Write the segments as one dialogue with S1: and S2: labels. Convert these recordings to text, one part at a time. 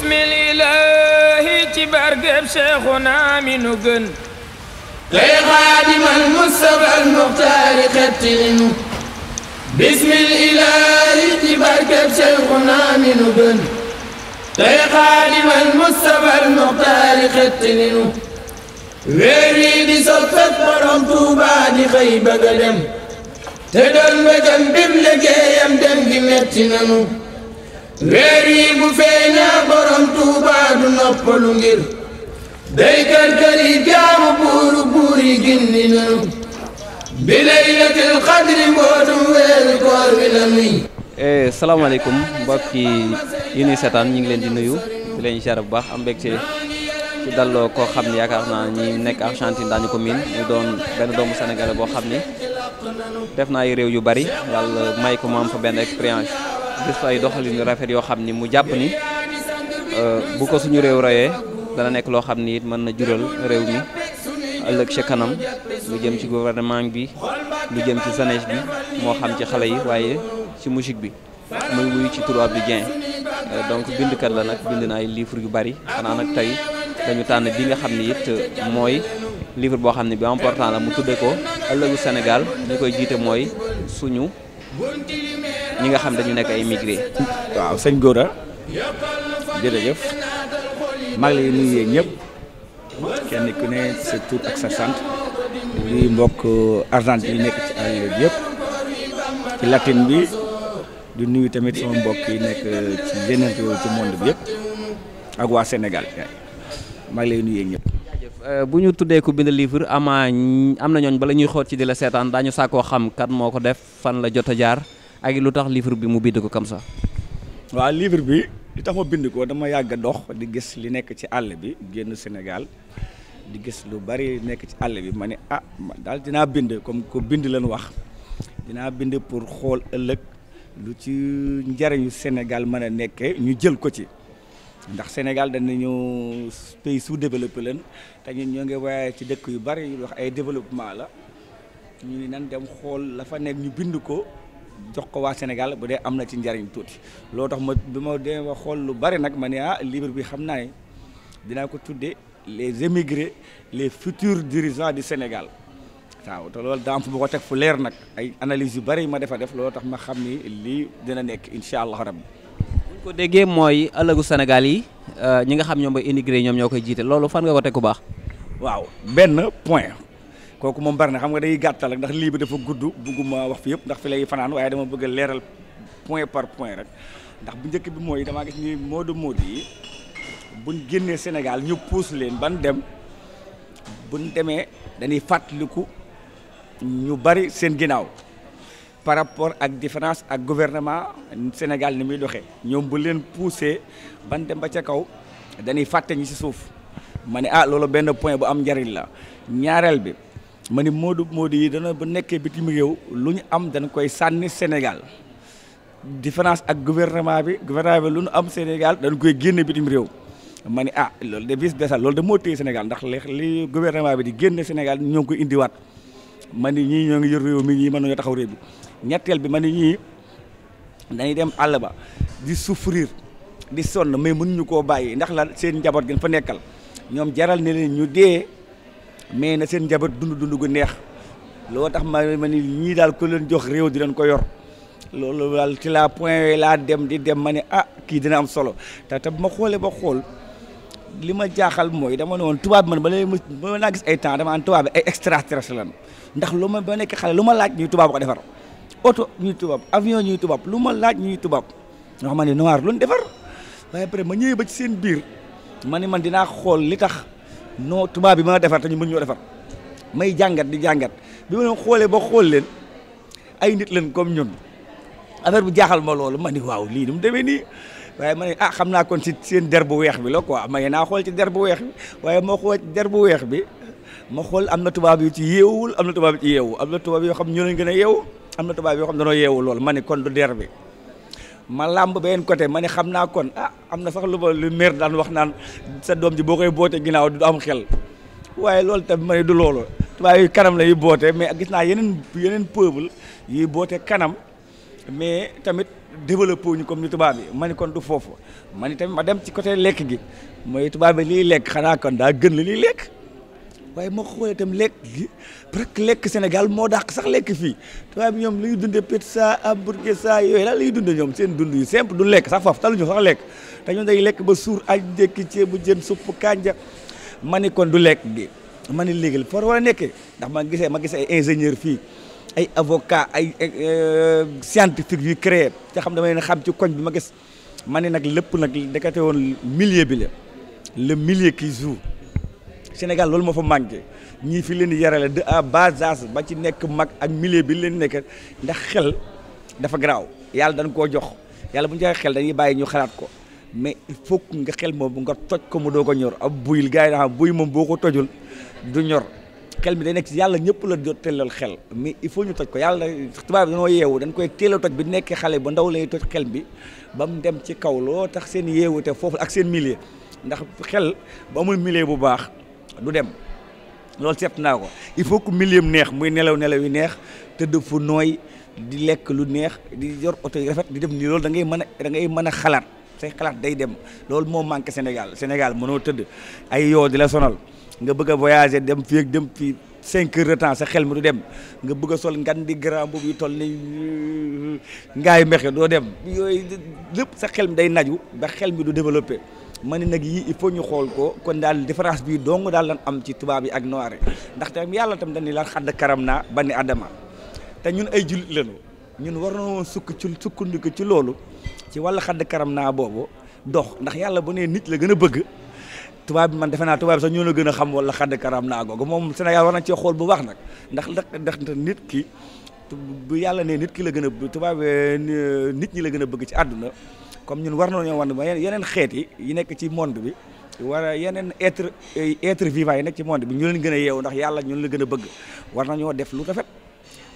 S1: bismil ilaahi ci barkeb Seexuna muxtaari
S2: xettilinu bismil ilaahi ci barkeb Seexuna mi nu gën tey xaadimal mustafal dem te doon dem gi metti weer yi bu feeñaa borom tuuba noppalu ngir
S1: day kër kër
S2: yi jaamu buuru buur yi gindi nanu bi laylatil xadri mbootum weeru koor bi la nuy
S1: eh, salaamaaleykum mbokki yi nuy seetaan ñu ngi leen di nuyu di leen ziar bu baax am mbégte ci dalloo koo xam ne yaakaar naa ñi nekk Argentine daañu ko miin ñu doon benn doomu sénégalais boo xam ni def naa ay réew yu bari yàlla may ko moom fa benn expérience gis ay doxalin rafet yoo xam ni mu jàpp ni euh, bu ko suñu réew royee dana nekk loo xam ni it mën na jural réew mi ëllëg ca kanam mu jëm ci gouvernement bi lu jëm ci jeunesse bi moo xam ci xale yi waaye ci musique bi muy wuyu ci turu Abdou Dieng euh, donc bindkat la nag bind na ay livre yu bari xanaa nag tey dañu tànn bi nga xam ni it mooy livre boo xam ne bi important la mu tudde ko ëllëgu Sénégal ñu koy jiite mooy suñu ñi nga xam dañu nekk ay migré. waaw sëñ Gora
S2: jërëjëf maa ngi lay nuyu ñëpp kenn ki ne sa tur ak sa sant di mbokk argentine yi nekk ci àll yëpp ci latin bi di nuyu tamit sama mbokk yi nekk ci yeneen ci monde bi yëpp
S1: ak waa Sénégal maa ngi lay nuyu ñëpp. Euh, bu ñu tuddee ku bind livre ama am na ñooñ bala ñuy xool ci di la seetaan daañu saakoo xam kat moo ko def fan la jot a jaar. ak lu tax livre bi mu bind ko comme sax
S2: waaw livre bi li tax ma bind ko dama yàgg dox di gis li nekk ci àll bi génn Sénégal di gis lu bari nekk ci àll bi ma ne ah daal dinaa bind comme ko bind leen wax dinaa bind pour xool ëllëg lu ci njariñu Sénégal mën a nekkee ñu jël ko ci. ndax Sénégal danañu pays sous-développé leen te ñun ñoo ngi waaye ci dëkk yu bari yu wax ay développement la ñu ni nan dem xool la fa nekk ñu bind ko jox ko waa Sénégal bu dee am na ci njariñ tuuti loo tax ma bi ma dee ma xool lu bari nag ma ne ah livre bi xam naa ne dinaa ko tuddee les émigrés les futurs dirigeants du Sénégal waaw te loolu daa am fu ma ko teg fu leer nag ay analyse yu bari ma defa def loo tax ma xam ni lii dina nekk incha allah rabbi
S1: buñ ko déggee mooy ëllëgu Sénégal yi euh, ñi nga xam ñoom ba immigré ñoom ñoo koy jiite loolu fan nga ko teg ku baax waaw benn
S2: point kooku moom bari na xam nga day
S1: gàttal rek ndax lii bi dafa gudd bugguma wax fi yëpp ndax fi lay fanaan waaye
S2: dama bëgg a leeral point par point rek ndax bu njëkk bi mooy damaa gis ni Modou Modou yi buñ génnee Sénégal ñu puus leen ban dem buñ demee dañuy fàttaliku ñu bari seen ginnaaw par rapport ak différence ak gouvernement Sénégal ni muy doxee ñoom bu leen poussé ban dem ba ca kaw dañuy fàtte ñi ci suuf ma ne ah loolu benn point bu am njariñ la ñaareel bi ma ni Modou Modou yi dana ba nekkee bitim réew lu ñu am dana koy sànni Sénégal différence ak gouvernement bi gouvernement bi lu ñu am Sénégal dañ koy génne bitim réew ma ni ah loolu de bis loolu de moo téye Sénégal ndax li gouvernement bi di génne Sénégal ñoo ko indiwaat man ni ñii ñoo ngi yor réew mi ñii mën nañoo taxaw réew bi ñetteel bi ma ni ñuy dañuy dem àll ba di souffrir di sonn mais mënuñu koo bàyyi ndax la seen njaboot gën fa nekkal ñoom jaral ne ñu dee. mais na seen njaboot dund dund gu neex loo tax ma ma ni ñii daal ku leen jox réew di leen ko yor loolu daal ci la point yooyu laa dem di dem ma ne ah kii dina am solo te te bu ma xoolee ba xool li ma jaaxal mooy dama ne woon tubaab man ba léegi ma naa gis ay temps dama an tubaab bi ay extraterrestre lan ma ba nekk xale lu ma laaj ñuy tubaab ko defar oto ñuy tubaab avion ñuy tubaab lu ma laaj ñuy tubaab ñoo xam ne noir lu ñu defar waaye après ma ñëwee ba ci seen biir ma ne man dinaa xool li tax. non tubaab bi mën a defar te ñu mën ñoo defar may jàngat di jàngat bi ma leen xoolee ba xool leen ay nit leen comme ñun affaire bu jaaxal ma loolu ma ni waaw lii ni mu demee nii waaye ma ne ah xam naa kon si seen der bu weex bi la quoi ma ngi naa xool ci der bu weex waaye moo xool ci der weex bi ma xool am na tubaab yu ci yeewul am na tubaab yu ci yeewu am na tubaab yoo xam ñoo leen gën a yeewu am na tubaab yoo xam danoo yeewu loolu ma ne kon du der bi ma làmb beneen côté ma ni xam naa kon ah am na sax lu ma lu meer daan wax naan sa doom ji boo koy bootee ginnaaw du am xel waaye loolu tamit ma ne du loolu tubaab yi kanam la yi boote mais gis naa yeneen yeneen peuple yi bootee kanam mais tamit développé ñu comme ni tubaab yi ma ne kon du foofu ma ne tamit ma dem ci côté lekk gi mooy tubaab bi liy lekk xanaa kon daa gën li liy lekk. waaye ma xoolee itam lekk gi Sénégal moo dàq sax lekk fii tubaab bi ñoom li ñuy dundee pizza hamburguesa yooyu daal la ñuy ñoom seen dund yu simple du lekk sax foofu taluñu sax lekk te ñoom day lekk ba suur añ ndékki ceebu jën supp kànja ma ni kon du lekk gi ma ni léegi for war a nekke ndax ma gisee ma gisee ay ingénieur fii ay avocat ay euh, scientifique yu créé te xam dama leen xam ci koñ bi ma gis ma ne nag lépp nag ndekete woon milieu bi la le milieu qui joue Sénégal loolu moo fa manqué ñii fi leen di yarale de à bas ba ci nekk mag ak milieu bi leen nekk ndax xel dafa garaaw yàlla dañ koo jox yàlla bu ñu xel dañuy bàyyi ñu xalaat ko mais il nga xel moom nga toj ko mu doo ko ñor ab buyil gars yi daa buy moom boo ko tojul du ñor xel mi day nekk si yàlla ñëpp la teelal xel mais il faut ñu toj ko yàlla tubaab bi dañoo yeewu dañ koy teel a toj bi nekk xale ba ndaw lay toj xel bi ba mu dem ci kaw loo tax seen yeewute foofu ak seen millier ndax xel ba amul milieu bu baax du dem loolu seet naa ko il faut que milieu neex muy nelaw nelaw yu neex tëdd fu nooy di lekk lu neex di yor oto yu rafet di def nii loolu da ngay mën a da mën a xalaat say xalaat day dem loolu moo manqué Sénégal Sénégal mënoo tëdd ay yoo di la sonal nga bëgg a voyager dem fii ak dem fii cinq heures de temps sa xel mi du dem nga bëgg a sol ngan di grand boobu yu toll ni ngaay mexe doo dem yooyu lépp sa xel mi day naju ba xel mi du développé ma ne nag yii il faut ñu xool ko kon daal différence bi dong daal lan am ci tubaab yi ak noir yi ndax tamit yàlla tam dañu lan xadd karam naa bani adama te ñun ay jullit ñun war na sukk ci sukkandiku ci loolu ci wàllu xadd karam naa boobu dox ndax yàlla bu nee nit la gën a bëgg tubaab bi man defe naa tubaab bi sax ñoo la gën a xam wala xadd karam naa googu moom Sénégal war na cee xool bu baax nag ndax ndax nit ki bu yàlla ne nit ki la gën a tubaab nit ñi la gën a bëgg ci àdduna comme ñun war nañoo wan ba yeneen xeet yi yu nekk ci monde bi wala yeneen être être vivant yi nekk ci monde bi ñu leen gën a yeewu ndax yàlla ñun la gën a bëgg war nañoo def lu rafet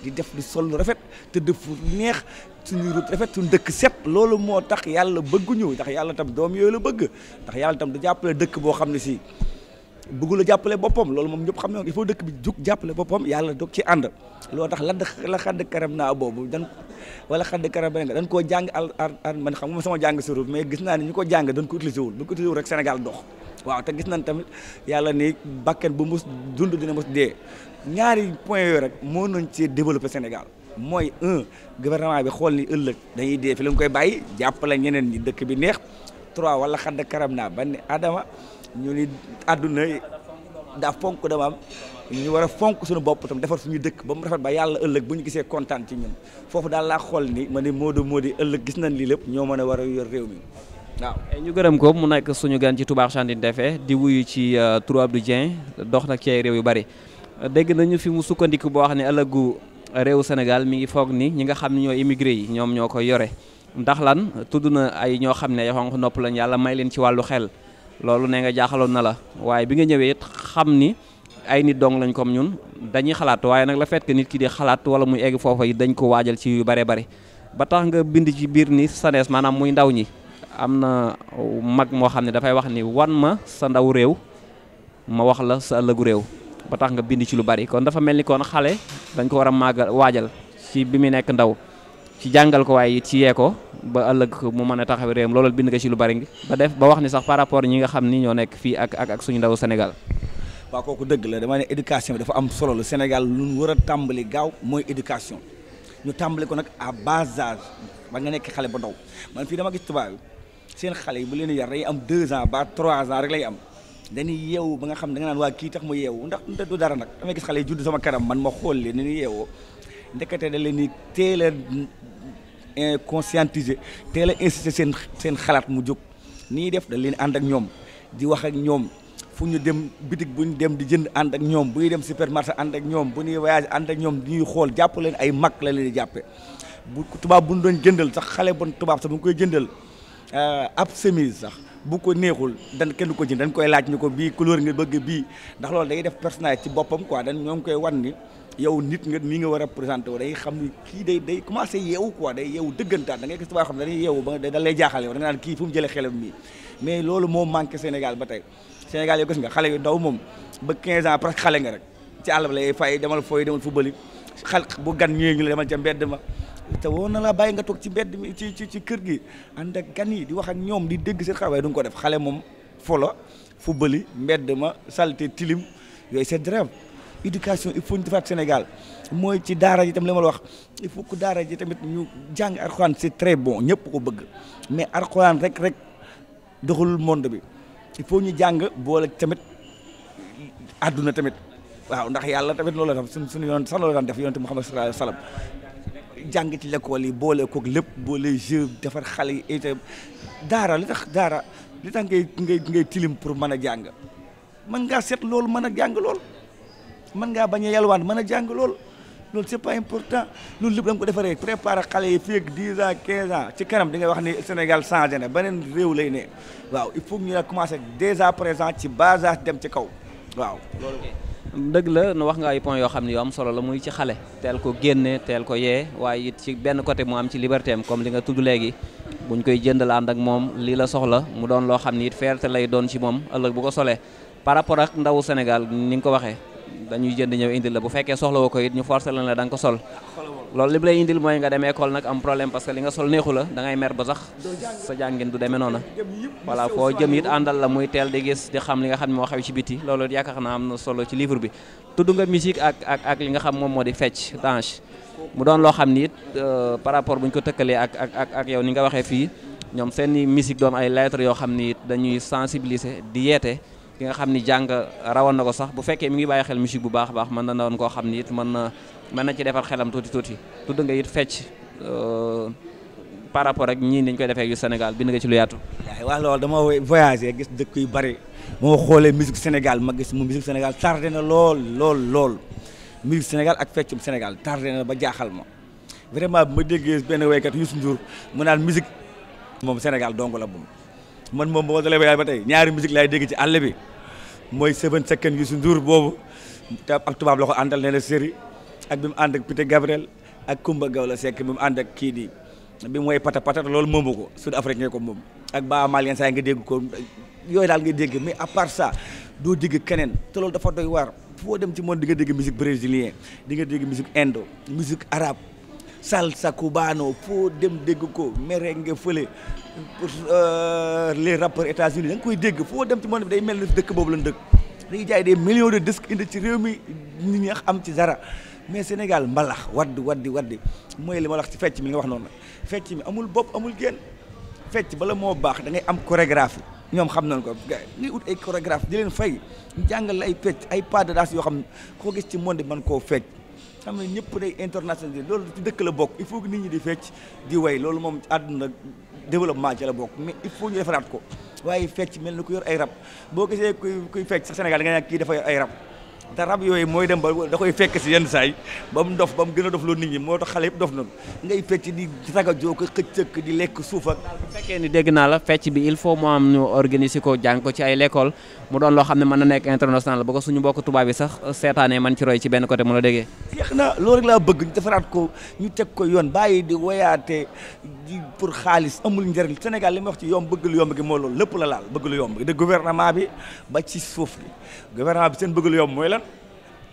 S2: di def di sol lu rafet tëdd fu neex suñu rut rafet suñu dëkk set loolu moo tax yàlla bëgguñu ndax yàlla tam doom yooyu la bëgg ndax yàlla tam du jàppale dëkk boo xam ne si bëggul a jàppale boppam loolu moom ñëpp xam ne il faut dëkk bi jug jàppale boppam yàlla dog ci ànd loo tax lan la xadd karam naa boobu dan wala xadd karam beneen nga dañ koo jàng al ar man xam nga sama jàng suruf mais gis naa ne ñu ko jàng dañ ko utilisé wul bu ko utilisé wul rek Sénégal waaw te gis nañ tamit yàlla ni bakken bu mus dund dina mus dee ñaari point yooyu rek moo nañ ci développer Sénégal mooy un gouvernement bi xool ni ëllëg dañuy dee fi koy bàyyi jàppale ñeneen ñi dëkk bi neex trois wala xadd karam naa ba ne Adama ñu ni àdduna daa fonk dama am ñu war fonk suñu bopp tam defar suñu dëkk ba mu rafet ba yàlla ëllëg bu ñu gisee kontaan ci ñun foofu daal laa xool ni ma ne Modou Modou ëllëg gis nañ nii lépp ñoo mën a war a yor réew mi waaw
S1: eh, ñu gërëm ko mu nekk suñu gan ci Touba Argentine defee di wuyu ci euh, Tour Abdou Dieng dox nag ci ay réew yu bari dégg nañu fi mu sukkandiku boo xam ne ëllëgu réewu Sénégal mi ngi foog ni ñi nga xam ne ñoo immigré yi ñoom ñoo koy yore ndax lan tudd na ay ñoo xam ne xonq nopp lañ yàlla may leen ci wàllu xel loolu ne nga jaaxaloon na la waaye bi nga ñëwee xam ni ay nit dong lañ comme ñun dañuy xalaat waaye nag la fait nit ki di xalaat wala muy egg foofa yi dañ ko waajal ci lu bare bare ba tax bind ci biir ni sanees maanaam muy ndaw ñi am na mag moo xam ne dafay wax ni wan ma sa ndaw réew ma wax la sa réew ba tax bind ci lu bari kon dafa mel ni kon xale dañ ko war a màggal waajal ci bi mu nekk ndaw ci jàngal ko waaye ci yee ko ba ëllëg mu mën a taxaw réewam loolal bind nga ci lu bari ba def ba wax ni sax par rapport ñi nga xam ni ñoo nekk fii ak suñu ndaw Sénégal
S2: waaw kooku dëgg la dama ne éducation bi dafa am solo la Sénégal lu ñu war a tàmbali gaaw mooy éducation ñu tàmbali ko nag à bas âge ba nga nekk xale ba ndaw man fii dama gis tubaab yi seen xale yi bu leen yar dañuy am deux ans ba trois ans rek lay am dañuy yeewu ba nga xam da nga naan waa kii tax mu yeewu ndax du dara nag damay gis xale yi sama kanam man ma xool leen ni ñuy yeewoo ndekete da conscientiser teel a incité seen seen xalaat mu jóg ni def da leen ànd ak ñoom di wax ak ñoom fu ñu dem bitig bu ñu dem di jënd ànd ak ñoom bu ñuy dem supermarché ànd ak ñoom bu ñuy voyage ànd ak ñoom di ñuy xool jàpp leen ay mag la leen di bu tubaab bu ñu doon jëndal sax xale bon tubaab sax bu ñu koy jëndal euh, ab semise sax bu ko neexul dan kenn ko jënd dañ koy laaj ñu ko bii couleur nga bëgg bii ndax loolu day def personnage ci boppam quoi dañ ñoo ngi koy wan ni yow nit nga mi nga war a présenté wu day xam ni kii day day commencé yeewu waa day yeewu dëggantaan da ngay gis tubaab xam ne dañuy yeewu ba da lay jaaxal yow da nga naan kii fu mu jëlee mais loolu moo manqué Sénégal ba tey Sénégal yow gis nga xale yu ndaw moom ba 15 ans xale nga rek ci àll ba lay fay demal fooy demal fubali xal bu gan ñëwee ñu la demal ca mbedd ma te woon na la bàyyi nga toog ci mbedd mi ci ci ci kër gi ànd ak gan yi di wax ak ñoom di dégg seen xale waaye du nga ko def xale moom folo fubali mbedd ma salté tilim yooyu c'est éducation il faut ñu defaat Sénégal mooy ci daara ji tam li ma la wax il faut que daara ji tamit ñu jàng Alxuraan c'est très bon ñëpp ko bëgg mais Alxuraan rek rek doxalul monde bi il faut ñu jàng boole tamit àdduna tamit waaw ndax yàlla tamit loolu la suñ suñu yoon sax loolu daan def yonent Muhammad sallallahu alayhi wasallam jàng ci l'école yi boole koog lépp boole jeu defar xale yi itam daara li tax daara li tax ngay ngay tilim pour mën a jàng mën ngaa seet loolu mën a jàng mën ngaa bañ a yalwaan mën a jàng lool lool c'est pas important loolu lépp da ko defaree préparer xale yi fii ak 10 ans 15 ans ci kanam di nga wax ni Sénégal changé na beneen réew lay ne waaw il faut ñu la commencer dès à présent ci base dem ci kaw
S1: waaw loolu la nu wax nga ay point yoo xam ne yoo am solo la muy ci xale tel ko génne teel ko yee waaye it ci benn côté mu am ci liberté am comme li nga tudd léegi buñ koy jëndal ànd ak moom lii la soxla mu doon loo xam ne it fierté lay doon ci moom ëllëg bu ko solee par rapport ak ndawu Sénégal ni nga ko waxee dañuy jënd ñëw indil la bu fekkee soxla ko it ñu forcé la ne da nga ko sol loolu li lay indil mooy nga dem école nag am problème parce que li nga sol neexu la da mer ba sax sa jàngin du demee noona voilà foo jëm it àndal la muy teel di gis di xam li nga xam moom moo di fecc danse mu doon loo xam ni it euh, par rapport bu ñu ko tëkkalee ak ak ak yow ni nga waxee fii ñoom seen musique doon ay lettres yoo xam ni it dañuy sensibiliser di yeete ki nga xam ni jàng rawoon na ko sax bu fekkee mi ngi bàyyi xel musique bu baax baax mën na doon koo xam ni man na mën na ci defar xelam tuuti tuuti tudd nga it fecc euh, par rapport ak ñii niñ koy defee yu Sénégal bind nga ci lu yaatu.
S2: wax loolu dama voyagé gis dëkk yu bari moo xoolee musique Sénégal ma gis mu musique Sénégal tardé na lool lool lool musique Sénégal ak feccum Sénégal tardé na ba jaaxal ma vraiment bu ma déggee benn waykat Youssou Ndour mu naan musique moom Sénégal dong la moom. man moom boo dalee ba yaay ba tey ñaari musique laay dégg ci àll bi mooy Seven Seconds Youssou Ndour boobu te ak tubaab la ko àndal nee na série ak bi mu ànd ak Peter Gabriel ak Kumba Gawla Seck bi mu ànd ak kii di bi mu woy pata pata loolu moomu ko sud afrique nga ko moom ak baa malien saa nga dégg ko yooyu daal nga dégg mais à part doo keneen loolu dafa doy waar foo dem ci monde di nga dégg musique brésilien di nga dégg musique indo musique arabe salsa cubano foo dem dégg ko nga fële Euh, les rapport États-Unis da nga koy dégg foo dem ci monde bi day mel ni dëkk boobu lañ dëkk dañuy jaay des millions de disques indi ci réew mi nit ñi am ci dara mais Sénégal mbalax di waddi waddi mooy li ma wax ci fecc mi nga wax noonu fecc mi amul bopp amul génn fecc bala moo baax da ngay am chorégraphie ñoom xam nañ ko gars yi ngay ut ay chorégraphe di leen fay ñu jàngal ay fecc ay pas de danse yoo xam ne koo gis ci monde man koo fecc xam ne ñëpp day international loolu ci dëkk la bokk il faut nit ñi di fecc way loolu moom àdduna développement ci la bokk mais il faut ñu defaraat ko waaye fecc mel ni ku yor ay rab boo gisee kuy kuy fecc sax Sénégal da nga naan kii dafa yor ay rab te rab yooyu mooy dem ba da koy fekke si yenn saay ba mu dof ba mu gën a dof loolu nit ñi moo tax xale yëpp dof nañu ngay fecc di raga joo ko xëccëk di lekk suuf ak bu
S1: fekkee ni dégg naa la fecc bi il faut mu am ñu organiser ko jàng ko ci ay lekkool mu doon loo xam ne mën na nekk international ba ko suñu mbokk tubaab yi sax seetaanee man ci roy ci benn côté mu la déggee
S2: jeex na loolu rek laa bëgg ñu defaraat ko ñu teg ko yoon bàyyi di woyaate di pour xaalis amul njëriñ Sénégal li wax ci yomb bëgg lu gi moo loolu lépp la laal bëgg lu yomb gi de gouvernement bi ba ci suuf bi gouvernement seen bëgg lu yomb mooy lan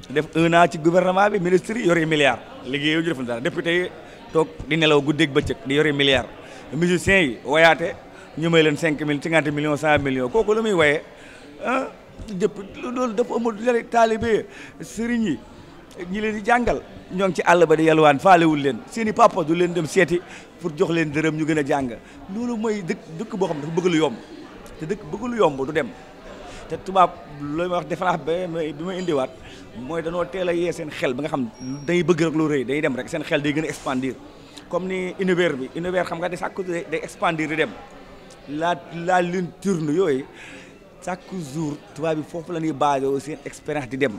S2: def un an ci gouvernement bi ministre yi yore milliards liggéey ñu def dara député yi toog di nelaw guddeeg bëccëg di yore milliards musiciens yi wayaate ñu may leen cinq mille cinquante millions cent millions kooku la muy waye ah jëpp loolu dafa amul jëriñ taalibe sëriñ yi ñi leen di jàngal ñoo ngi ci àll ba di yalwaan faalewul leen seeni papa du leen dem seeti pour jox leen dërëm ñu gën a jàng loolu mooy dëkk dëkk boo xam ne dafa bëgg lu yomb te dëkk bëgg lu yomb du dem te tubaab looy ma wax defanaa bi ma indiwaat mooy danoo teel a yee seen xel bi nga xam day bëgg rek lu rëy day dem rek seen xel day gën a expandir comme nii univers bi univers xam nga de chaque jour day expandir di dem la la lune yooyu chaque jour tubaab yi foofu la ñuy basé seen expérience di dem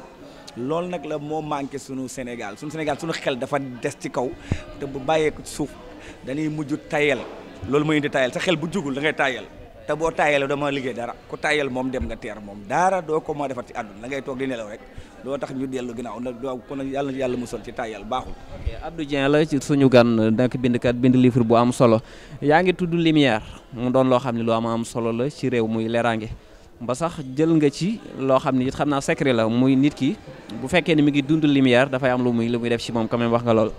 S2: loolu nag la moo manqué sunu Sénégal sunu Sénégal sunu xel dafa des ci kaw te bu bàyyee ko suuf dañuy mujj tayel loolu mooy indi tayel sa xel bu jugul da ngay tayel te boo tàyyalee dama liggéey dara ku tàyyal moom dem nga teer moom dara doo ko moo defar ci àdduna da ngay toog di nelaw rek loo tax ñu dellu ginnaaw na doo kon yàlla yàlla musal ci tàyyal baaxul
S1: Abdou Dieng la ci suñu gan nekk kat bind livre bu am solo yaa ngi tudd lumière mu doon loo xam ne lu am am solo la ci réew muy leeraange ba sax jël nga ci loo xam ne it xam naa secret la muy nit ki bu fekkee ne mu ngi dund lumière dafay am lu muy lu muy def ci moom quand wax nga lool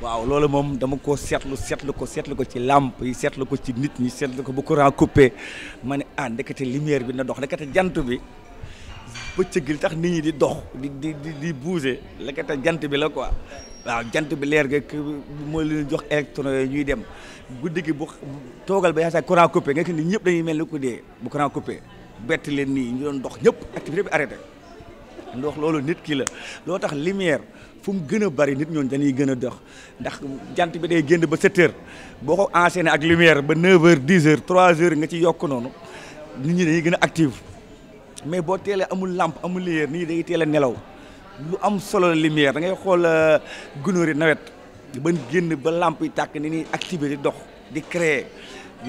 S2: waaw loolu moom dama koo seetlu seetlu ko seetlu ko ci làmp yi seetlu ko ci nit ñi seetlu ko bu courant coupé ma ne ah ndekete lumière bi na dox ndekete jant bi bëccëg li tax nit ñi di dox di di di di jant bi la quoi waaw jant bi leer nga mooy li ñu jox électron yooyu ñuy dem guddi gi bu toogal ba yaakaar courant coupé nga xam ne ñëpp dañuy mel ni ku dee bu courant coupé bett leen nii ñu doon dox ñëpp activité bi arrêté ndox loolu nit ki la loo tax lumière. fu mu gën a bari nit ñooñu dañuy gën a dox ndax jant bi day génn ba 7 heures boo ko enchaîné ak lumière ba 9 heures 10 heures 3 heures nga ci yokk noonu nit ñi dañuy gën a active mais boo teelee amul lampe amul lumière nit ñi day teel a nelaw lu am solo la lumière da ngay xool euh, gunóor yi nawet ba génn ba lampe yi tàkk ni ñuy activé di dox di créer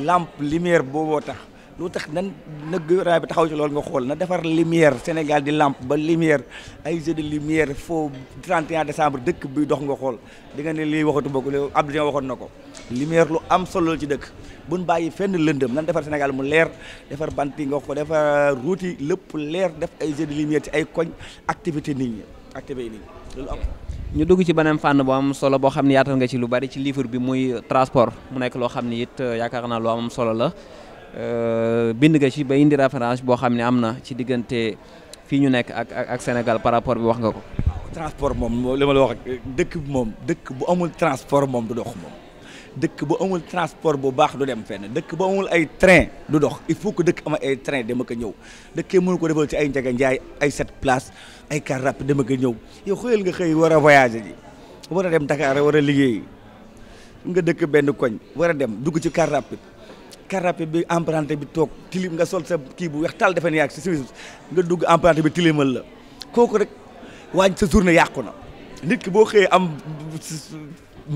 S2: lampe lumière booboo tax. lu tax nan nëgg raay bi taxaw ci loolu nga xool na defar lumière Sénégal di lampe ba lumière ay jeu de lumière foo 31 décembre dëkk bi dox nga xool di nga ne lii waxatu bokk li Abdou Dia waxoon na ko lumière lu am solo ci dëkk buñ bàyyi fenn lëndëm nan defar Sénégal mu leer defar bant yi nga ko defar route yi lépp leer def ay jeu de lumière ci ay koñ activité nit ñi activité nit ñi loolu am
S1: ñu dugg ci beneen fànn bu am solo boo xam ne yaatal nga ci lu bari ci livre bi muy transport mu nekk loo xam ne it yaakaar naa lu solo la Euh, bind nga ci ba indi référence boo xam ne am na ci diggante fii ñu nekk ak ak Sénégal par rapport bi wax nga ko.
S2: transport moom li ma la wax dëkk bi moom dëkk bu amul transport moom du dox dëkk bu amul transport bu baax du dem fenn dëkk bu amul ay train du dox il faut que dëkk ama ay train dem ko ñëw dëkkee mënu ko defal ci ay njëga njaay ay set place ay car rapide dem ak ñëw yow xëyal nga xëy war a voyager ji war a dem Dakar war a liggéey nga dëkk benn koñ war a dem dugg ci car rapide karape bi emprunté bi toog tilim nga sol sa kii bu weex tal defe ne yaa si service nga dugg emprunté bi tilimal la kooku rek waañ sa journée yàqu na nit ki boo xëyee am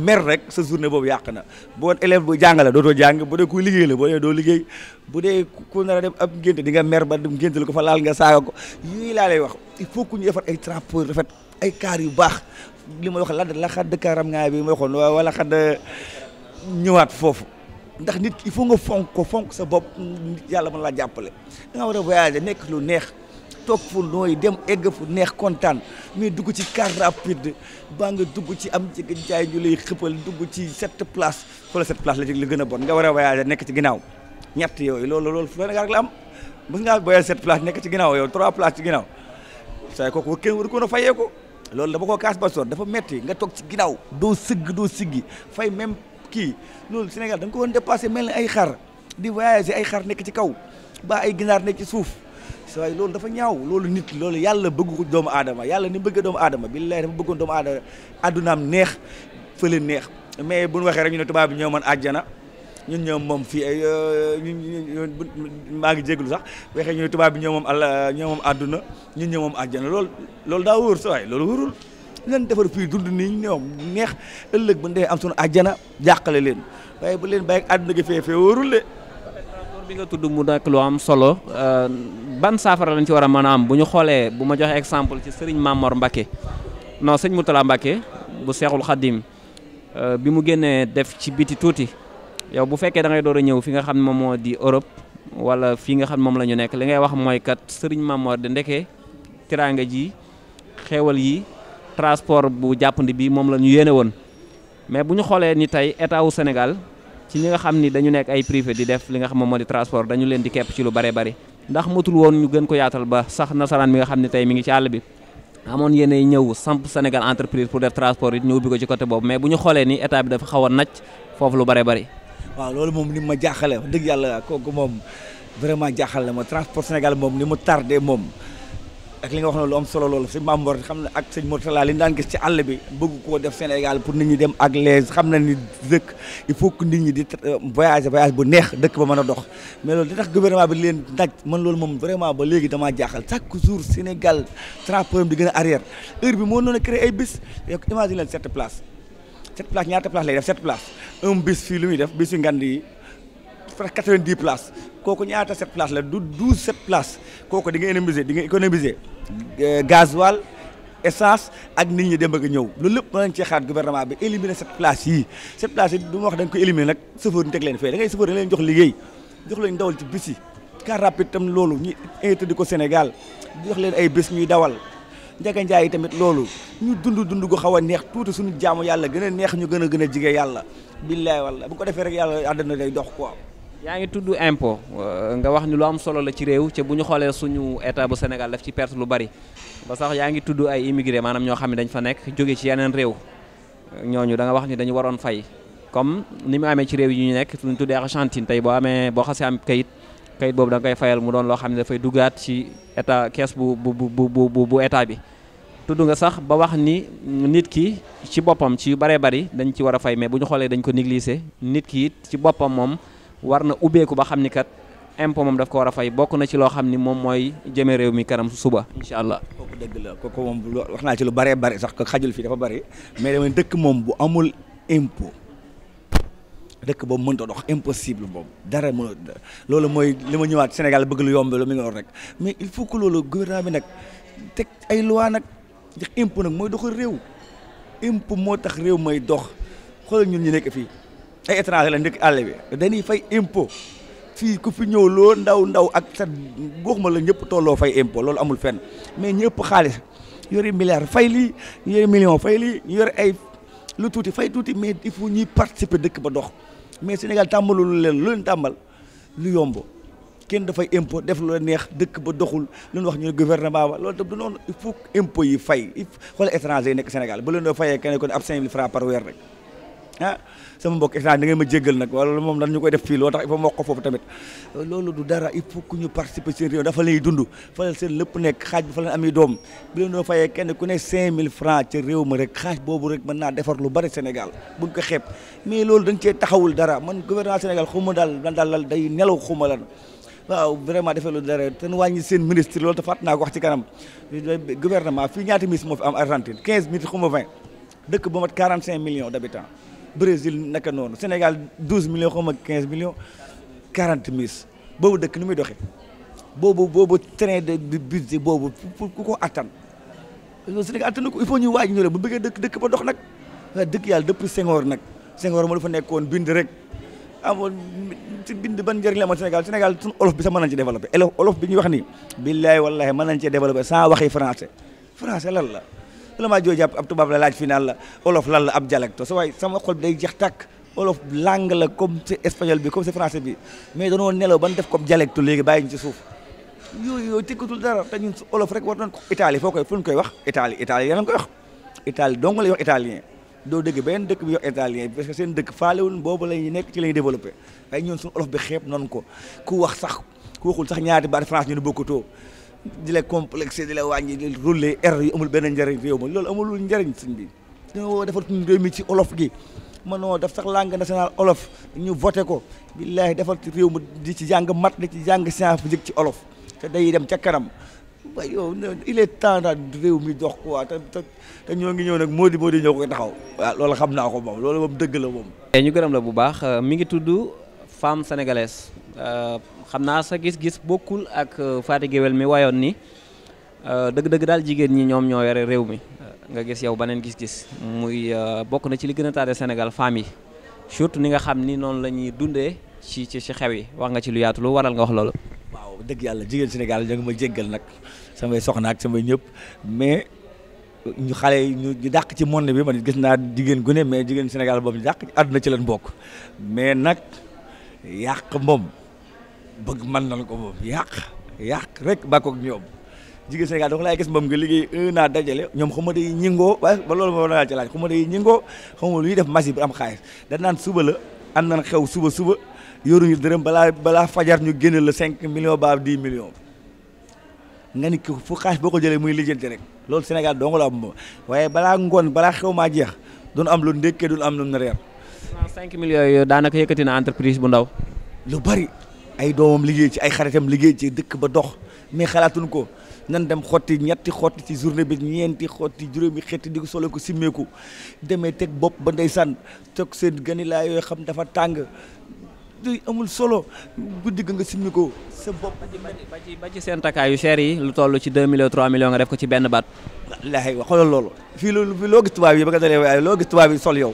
S2: mer rek sa journée boobu yàq na boo élève bu jàng la dootoo jàng bu dee kuy liggéey la boo dee doo liggéey bu dee ku nar a dem ab ngénte di nga mer ba dem ngénte la ko fa laal nga saaga ko yooyu laa lay wax il faut que ñu defar ay transport rafet ay kaar yu baax li may wax la la xadd kaaram ngaay bi ma waxoon wala xadd ñëwaat foofu ndax nit ki il faut nga fonk ko fonk sa bopp yàlla mën laa jàppale nga war a voyager nekk lu neex toog fu nooy dem egg fu neex kontaan mais dugg ci car rapide baa nga dugg ci am ci jaay ñu lay xëppal dugg ci sept place wala sept place la ci li gën a bon nga war a voyager nekk ci ginnaaw ñett yooyu loolu loolu Sénégal rek la am mës ngaa voyager sept place nekk ci ginnaaw yow trois place ci ginnaaw say kooku kenn war ko a fayee ko loolu dama ko kaas ba soor dafa metti nga toog ci ginnaaw doo sëgg doo kii loolu Sénégal da nga ko woon dépassé mel ni ay xar di voyager ay xar nekk ci kaw ba ay ginaar nekk ci suuf saa yi loolu dafa ñaaw loolu nit loolu yàlla bëgg ko doomu aadama yàlla ni bëgg doomu aadama billahi dafa bëggoon doomu aadama addunaam neex fële neex mais bu ñu waxee rek ñu ne tubaab bi ñoo mën àjjana ñun ñoom moom fii euh, maa ngi jéglu sax waxee ñu ne tubaab bi ñoo moom àll ñoo moom àdduna ñun ñoo moom àjjana loolu loolu daa wóor saa waay loolu wóorul. leen defar fii dund nii ñoom neex ëllëg bu ndee am sunu àjjana jàqale
S1: leen waaye bu leen bàyyi àdduna gi feefee wóorul bi nga tudd mu nekk lu am solo euh, ban saafara lañ ci war a mën a am bu ñu xoolee bu ma joxe exemple ci sëriñ Mamor Mbacke non sëñ Moutala Mbacke bu seexul xaddim euh, bi mu génnee def ci biti tuuti yow bu fekkee da ngay ñëw fi nga xam moom moo di Europe wala fii nga xam moom la ñu nekk li ngay wax mooy kat sëriñ Mamor de ndekee tiraanga ji xewal yi transport bu jàppandi bi moom la ñu yéene woon mais bu ñu xoolee ni tey état wu Sénégal ci ñi nga xam ni dañu nekk ay privé di def li nga xam moom moo di transport dañu leen di ci lu bare bari ndax matul woon ñu gën ko yaatal ba sax nasaraan mi nga xam ne tey mi ngi ci àll bi amoon yéene ñëw samp Sénégal entreprise pour def transport it ñu ko ci côté boobu mais bu ñu xoolee ni état bi dafa foofu lu bare bari.
S2: waaw loolu moom ni ma jaaxale dëgg yàlla kooku moom vraiment jaaxal na ma transport Sénégal moom ni mu tardé moom ak li nga wax ne lu am solo loolu sëñ Mamor xam ne ak sëñ Mourtala li ñu daan gis ci àll bi bëgg koo def Sénégal pour nit ñi dem ak les xam na ni dëkk il faut que nit ñi di euh, voyage voyage bu neex dëkk ba mën a dox mais loolu di tax gouvernement bi leen daj man loolu moom vraiment ba léegi damaa jaaxal chaque jour Sénégal trappam di gën a arrière heure bi moo noon a créé ay bis yokk imagine leen sept places sept places ñaata place lay def sept places un bis fii lu muy def bisu ngande yi presque quatre-vingt-dix kooku ñaata sept places la du douze sept places kooku di nga économiser di nga économiser euh, gasoil essence ak nit ñi dem ak ñëw loolu lépp mën nañ cee xaar bi éliminer sept places yi sept places yi du ma wax da nga ko éliminer nag chauffeur ñu teg leen fee da ngay chauffeur da leen jox liggéey jox leen dawal ci bis yi car rapide tam loolu ñu invité di ko Sénégal jox leen ay bés ñuy dawal Njaga Njaay yi tamit loolu ñu dund dund gu xaw a neex tuuti suñu jaamu yàlla gën a neex ñu gën a gën a jige yàlla billaay walla bu ko defee rek yàlla àddina day dox quoi
S1: yaa ngi tudd impôt euh, nga wax ni lu am solo la ci réew ca bu ñu xoolee suñu état bu Sénégal daf ci perte lu bari ba sax yaa ngi tudd ay immigré maanaam ñoo xam ne dañ fa nekk jóge ci yeneen réew ñooñu danga wax ni dañu waroon fay comme ni mu amee ci réew yi ñu nekk suñu tuddee Argentine tey boo amee boo xasee am kayit kayit boobu da nga fayal mu doon loo xam ne dafay duggaat ci état kees bu bu bu bu bu état bi. tudd nga sax ba wax ni nit ki ci boppam ci yu baree bari dañ ci war a fay mais bu ñu xoolee dañ ko négliger nit ki it ci boppam moom. war na ubbeeku ba xam ni kat impôt moom daf ko war a fay bokk na ci loo xam ni moom mooy jëme réew mi kanam suba incha allah. kooku dëgg la kooku moom wax naa ci lu bare bëri sax
S2: ko xajul fii dafa bëri mais dama dëkk moom bu amul impôt dëkk boobu mënut dox impossible boobu dara loolu mooy li ma ñëwaat Sénégal bëgg lu yomb lu mi ngi rek mais il faut que loolu gouvernement bi nag teg ay loi nag impôt nag mooy doxal réew impôt moo tax réew mooy dox xoolal ñun ñu nekk fii. ay étranger lañ dëkk àll bi dañuy fay impôt fii ku fi ñëw loo ndaw ndaw ak sa gox ma la ñëpp tolloo fay impôt loolu amul fenn mais ñëpp xaalis yore milliard fay lii yore million fay lii yore ay lu tuuti fay tuuti mais il faut ñuy participer dëkk ba dox mais Sénégal tàmbalul leen lu leen tàmbal lu yomb kenn dafay impôt def lu neex dëkk ba doxul lu wax ñu ne gouvernement ba loolu tam du noonu il faut impôt yi fay xoolal étranger yi nekk Sénégal bu leen doo weer rek. ah sama mbokk état da ngeen ma jéggal nag wala moom dañ ñu koy def fii loo tax il faut ma wax ko foofu tamit loolu du dara il faut que ñu participer seen réew dafa lay dund fa la seen lépp nekk xaaj bi fa la amee doom fayee kenn ku ne 5000 francs ca réew ma rek xaaj boobu rek mën naa defar lu bari Sénégal buñ ko xeeb mais loolu dañ cee taxawul dara man gouvernement Sénégal xuma daal lan daal day nelaw xuma lan waaw vraiment defee lu dara te wàññi seen ministre loolu te fàtt naa ko wax ci kanam gouvernement fii ñaata ministre moo fi am Argentine 15 minutes xuma 20 dëkk bu d' habitants Brésil naka noonu Sénégal 12 millions xaw ma 15 millions 40 mille boobu dëkk ni muy doxee boobu boobu train de budget boobu pour ku ko attan loolu Sénégal attan ko il faut ñu waaj ñu ne bu bëggee dëkk dëkk ba dox nag ah, dëkk yàlla depuis Senghor nag Senghor moo dafa nekkoon bind rek amoon ci bind ban njëriñ la amoon Sénégal Sénégal suñu olof bi sax mën nañ ci développé olof bi ñuy wax nii. billaay wallahi mën nañ cee développé sans waxi français français lan la. élément jooju ab tubaab la laaj final la olof lan la ab dialecte sa waay sama xol bi day jeex tàkk olof langue la comme c'est espagnol bi comme c'est français bi mais danoo nelaw ban def comme dialecte léegi bàyyi ñu ci suuf yooyu yooyu tekkatul dara te ñun olof rek war nañ ko Italie foo koy fu ñu koy wax Italie Italie yéen koy wax Italie dong lay italien doo dëgg benn dëkk bi yox italien parce que seen dëkk faalewul boobu la ñuy nekk ci la ñuy développé waaye ñun suñu olof bi xeeb noonu ko ku wax sax ku waxul sax ñaari baat France ñu ne bokkutoo di la complexé di la wàññi di rouler R amul benn njëriñ réew ma loolu amulul njëriñ suñ bi dañoo defar suñu réew mi ci olof gi mënoo def sax langue nationale olof ñu voté ko billaahi defar ci réew mi di ci jàng mat di ci jàng science physique ci olof te day dem ca kanam waaye yow il est temps daal réew mi dox quoi te te ñoo ngi ñëw nag moo di moo di ñoo koy taxaw waaw loolu xam naa ko moom loolu moom dëgg la moom.
S1: Eh, ñu gërëm la bu baax euh, mi ngi tudd femme sénégalaise. Euh, xam naa sa gis-gis bokkul ak euh, Faty Guewel mi wayoon ni euh, dëgg-dëgg daal jigéen ñi ñoom ñoo yore réew mi euh, nga gis yow beneen gis-gis muy bokk na ci li gën a taade Sénégal femmes yi surtout ni nga xam ni noonu la ñuy dundee ci ci xew yi wax nga ci lu yaatu lu waral nga wax loolu. waaw dëgg yàlla jigéen
S2: Sénégal da nga ma jéggal nag samay soxna ak samay ñëpp mais ñu xale ñu dàq ci na bi man gis naa jigéen gune mais jigéen Sénégal boobu ñu dàq àdduna ci leen bokk mais nag yàq moom. bëgg mën nañ ko moom yàq yàq rek bàkkoog ñoom jigéen Sénégal da nga laay gis moom nga liggéey naa dajale ñoom xam ma day ñingoo waaye ba loolu moo laa ci laaj ma day ñingoo xam ma lu ñuy def machine bi am xaalis dañ naan suba la am nañ xew suba suba yoruñu dërëm balaa balaa fajar ñu génne la cinq millions ba dix millions nga ni ko fu boo ko jëlee muy lijjanti rek loolu Sénégal dong la balaa ngoon balaa xew maa jeex duñ am lu ndékkee am lu na reer.
S1: 5 millions yooyu daanaka
S2: yëkkati na entreprise bu ndaw. lu bari. ay doomam liggéey ci ay xaritam liggéey ci dëkk ba dox mais xalaatuñ ko nan dem xotti ñetti xotti ci journée bi ñeenti xotti juróomi xetti di ko solo ko simmeeku demee teg bopp ba san toog seen ganilaay yooyu xam dafa tàng amul solo guddi nga simmi ko sa bopp.
S1: ba ci ba seen takkaay yu yi lu toll ci 2 millions 3 millions nga def ko ci benn baat. wallaahi xoolal loolu. fii loolu fii loo gis tubaab yi ba nga dalee waaye loo gis tubaab yi sol yow.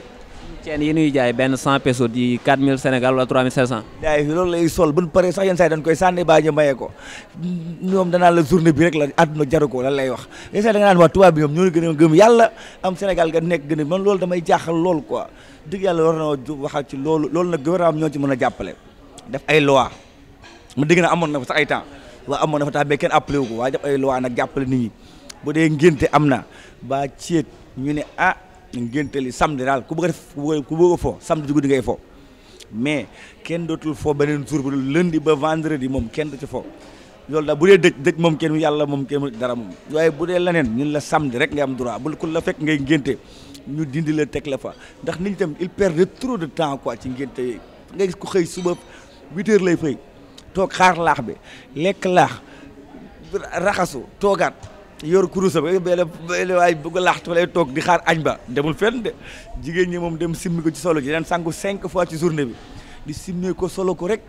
S1: ceen yi ñuy jaay benn cent pesos di quatre mille Sénégal wala trois mille cinq
S2: jaay loolu lay sol bu paree sax yenn saa yi dañ koy sànni baaje maye la journée bi rek yi da nga naan waa tubaab bi ñoom ñoo gën a gëm yàlla am Sénégal nga a man loolu damay jaaxal loolu na a ay loi mu dégg na amoon na fa sax ay temps waa amoon na fa temps mais kenn appelé wu ko waaye def ay loi nag jàppale nit ñi bu dee ngénte am na ba ceet ñu ne ah ngénte li samedi daal ku bëgg a def ku bëgg a fo samedi ci guddi ngay fo mais kenn dootul fo neen jour bu lundi ba vendredi moom kenn du ci fo loolu daal bu dee dëj dëj moom kenn yàlla moom kenn dara moom waaye bu dee leneen ñun la samedi rek ngay am droit bu ku la fekk ngay ngénte ñu dindi la teg la fa ndax nit ñi tam il perd trop de temps quoi ci ngénte yi nga gis ko xëy suba huit heures lay fay toog xaar laax bi lekk laax raxasu toogaat yor kurusam bele bele waay bëgg laxtu lay toog di xaar añ ba demul fenn de jigéen ñi moom dem simmi ko ci solo ji daan sangu cinq fois ci journée bi di simmee ko solo ko rek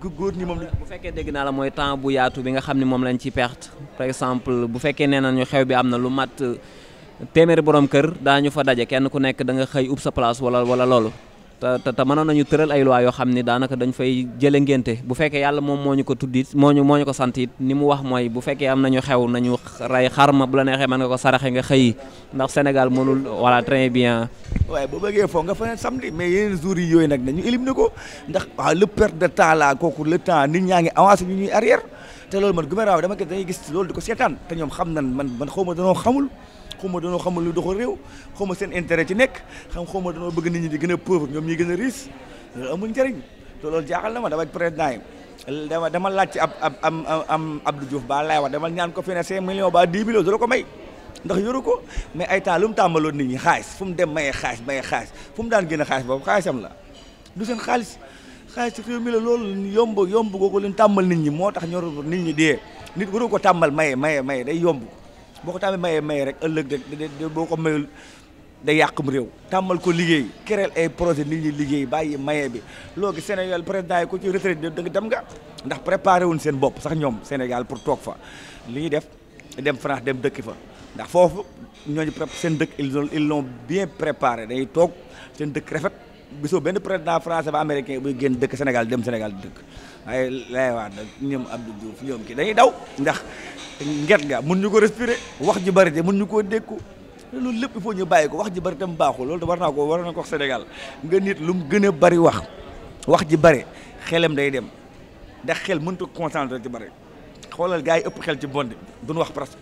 S2: góor ñi moom. bu
S1: fekkee dégg naa la mooy temps bu yaatu bi nga xam ne moom lañ ci perte par exemple bu fekkee nee nañu xew bi am na lu mat euh, téeméeri borom kër daañu fa daje kenn ku nekk da nga xëy ub sa place wala wala loolu. te te mënoon nañu tëral ay loi yoo xam ni daanaka dañ fay jële ngénte bu fekkee yàlla moom moo ñu ko tudd moo ñu moo ñu ko sant ni mu wax mooy bu fekkee am nañu xew nañu rey xarma bu la neexee mën nga ko saraxe nga xëyi ndax Sénégal mënul voilà très bien
S2: waaye boo bëggee foo nga fa ne samedi mais yeneen jours yi yooyu nag ñu nañu éliminer ko ndax waaw le perte de temps la kooku le temps nit ñaa ngi avancé ñu ñuy arrière te loolu man gouvernement dama gis dañuy gis loolu ñoom xam nan man man xaw ma danoo xamul xaw ma danoo xamul lu doxal réew xaw ma seen intérêt ci nekk xam xaw ma danoo bëgg nit ñi di gën a pauvre ñoom ñuy gën a riche loolu amul njëriñ te loolu jaaxal na ma dama président yi dama dama laaj ci ab ab am am Abdou Diouf baa lay wax dama ñaan ko financé million ba 10 millions dala ko may ndax yoru ko mais ay temps lu mu tàmbaloon nit ñi xaalis fu mu dem mayee xaalis mayee xaalis fu mu daan génne xaalis boobu xaalisam la du seen xaalis xaalis ci réew mi la loolu yomb yomb googu leen tàmbal nit ñi moo tax ñor nit ñi dee nit waru ko tàmbal maye maye maye day yomb boo ko tàmmee mayee mayee rek ëllëg rek boo ko mayul da yàqum réew tàmmal ko liggéey kereel ay projet nit ñi liggéey bàyyi maye bi loo gi Sénégal président yi ko ci retraite da dem nga ndax préparé wuñ seen bopp sax ñoom Sénégal pour toog fa li ñuy def dem France dem dëkk fa ndax foofu ñooñu seen dëkk ils ont ils l'ont bien préparé dañuy toog seen dëkk rafet gisoo benn président français ba américain buy génn dëkk Sénégal dem Sénégal dëkk waaye lay waa ñoom Abdou Diouf ñoom ki dañuy daw ndax nget ga mun ñu ko respirer wax ji bari te mun ñu koo dékku loolu lépp il ñu bàyyi ko wax ji bari tam baaxul loolu war naa ko war na ko wax Sénégal nga nit lu mu gën a bari wax wax ji bari xelam day dem ndax xel mënut a concentré ci bari xoolal gars yi ëpp xel ci bonde duñ wax presque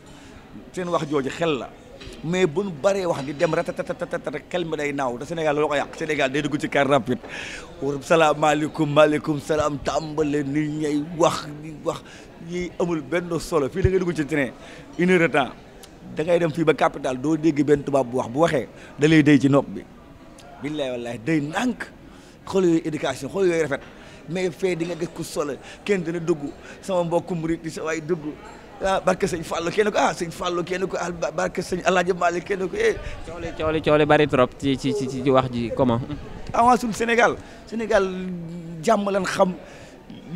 S2: seen wax jooju xel la mais buñ baree wax di dem ratatatatata xel mi day naaw te Sénégal loo ko yàq Sénégal day dugg ci car rapide salaamaaleykum maaleykum salaam tàmbale nit ñay wax di wax yi amul benn solo fii la ngay dugg ci train une de temps da dem fii ba capital doo dégg benn tubaab bu wax bu waxee da lay day ci nopp bi billaay wallaay day nànk xool yooyu éducation xool yooyu rafet mais fee di nga gis ko solo kenn dina dugg sama mbokku murit di sa waay dugg ah barke sëñ Fallou kenn ko ah sëñ Fallou kenn ko ah barke sëñ Alaaji Maalik kenn ko eh.
S1: coole coole coole bari trop ci ci ci wax ji comment.
S2: avant suñu Sénégal Sénégal jàmm lan xam.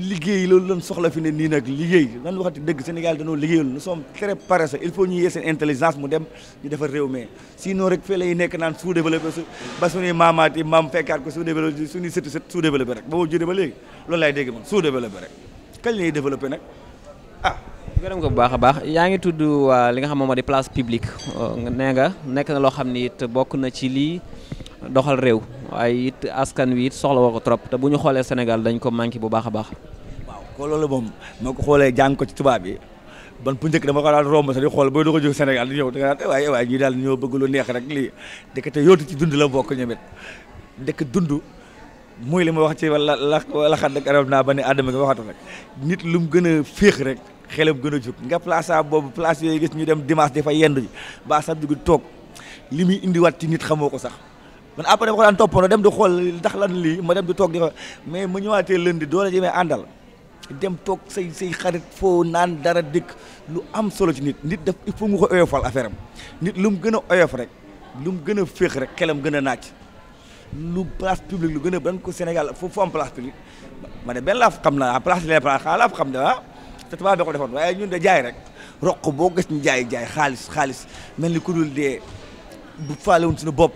S2: liggéey loolu lañ soxla fi ne nii nag liggéey lan waxati dëgg Sénégal danoo liggéeyul nous sommes très paresseux il faut ñu yee seen intelligence mu dem ñu defar réew mi sinon rek fee lay nekk
S1: bu baax a baax yaa ngi tudd waa li nga xam moom moo di place publique nee nga nekk na loo xam ni it bokk na ci lii. doxal réew waaye it askan wi it soxla woo ko trop te bu ñu xoolee Sénégal dañ ko manqué bu baax a baax. waaw ko loolu moom moo ko xoolee jàng ko ci tubaab bi
S2: ban bu njëkk dama ko daan romb sax di xool booy doog a jóg Sénégal di ñëw da nga naan eh, waaye waaye ñii ñoo bëgg lu neex rek lii dëkk te ci dund la bokk ñoom dëkk dund mooy li ma wax ci wala la la xat rek arab naa ba ne àddama gi waxatu rek nit lu mu gën a féex rek xelam gën a jóg nga boobu place yooyu gis ñu dem dimanche dafa yendu ji ba sax jóg toog li muy indiwaat ci nit xamoo ko sax man après dama ko daan toppandoo dem di xool lu tax lan lii ma dem di toog di ko mais ma ñëwaatee lënd doole jëmee àndal dem toog say say xarit foo naan dara dëkk lu am solo ci nit nit daf il faut nga ko oyofal affaire am nit lu mu gën a oyof rek lu mu gën a féex rek xelam gën a naaj lu place publique lu gën a ban ko Sénégal foofu am place publique ma ne benn laa xam naa place les place xaa laa xam ne ah te tubaab bi ko defoon waaye ñun de jaay rek roq boo gis njaay jaay xaalis xaalis mel ni ku dul dee bu faale bopp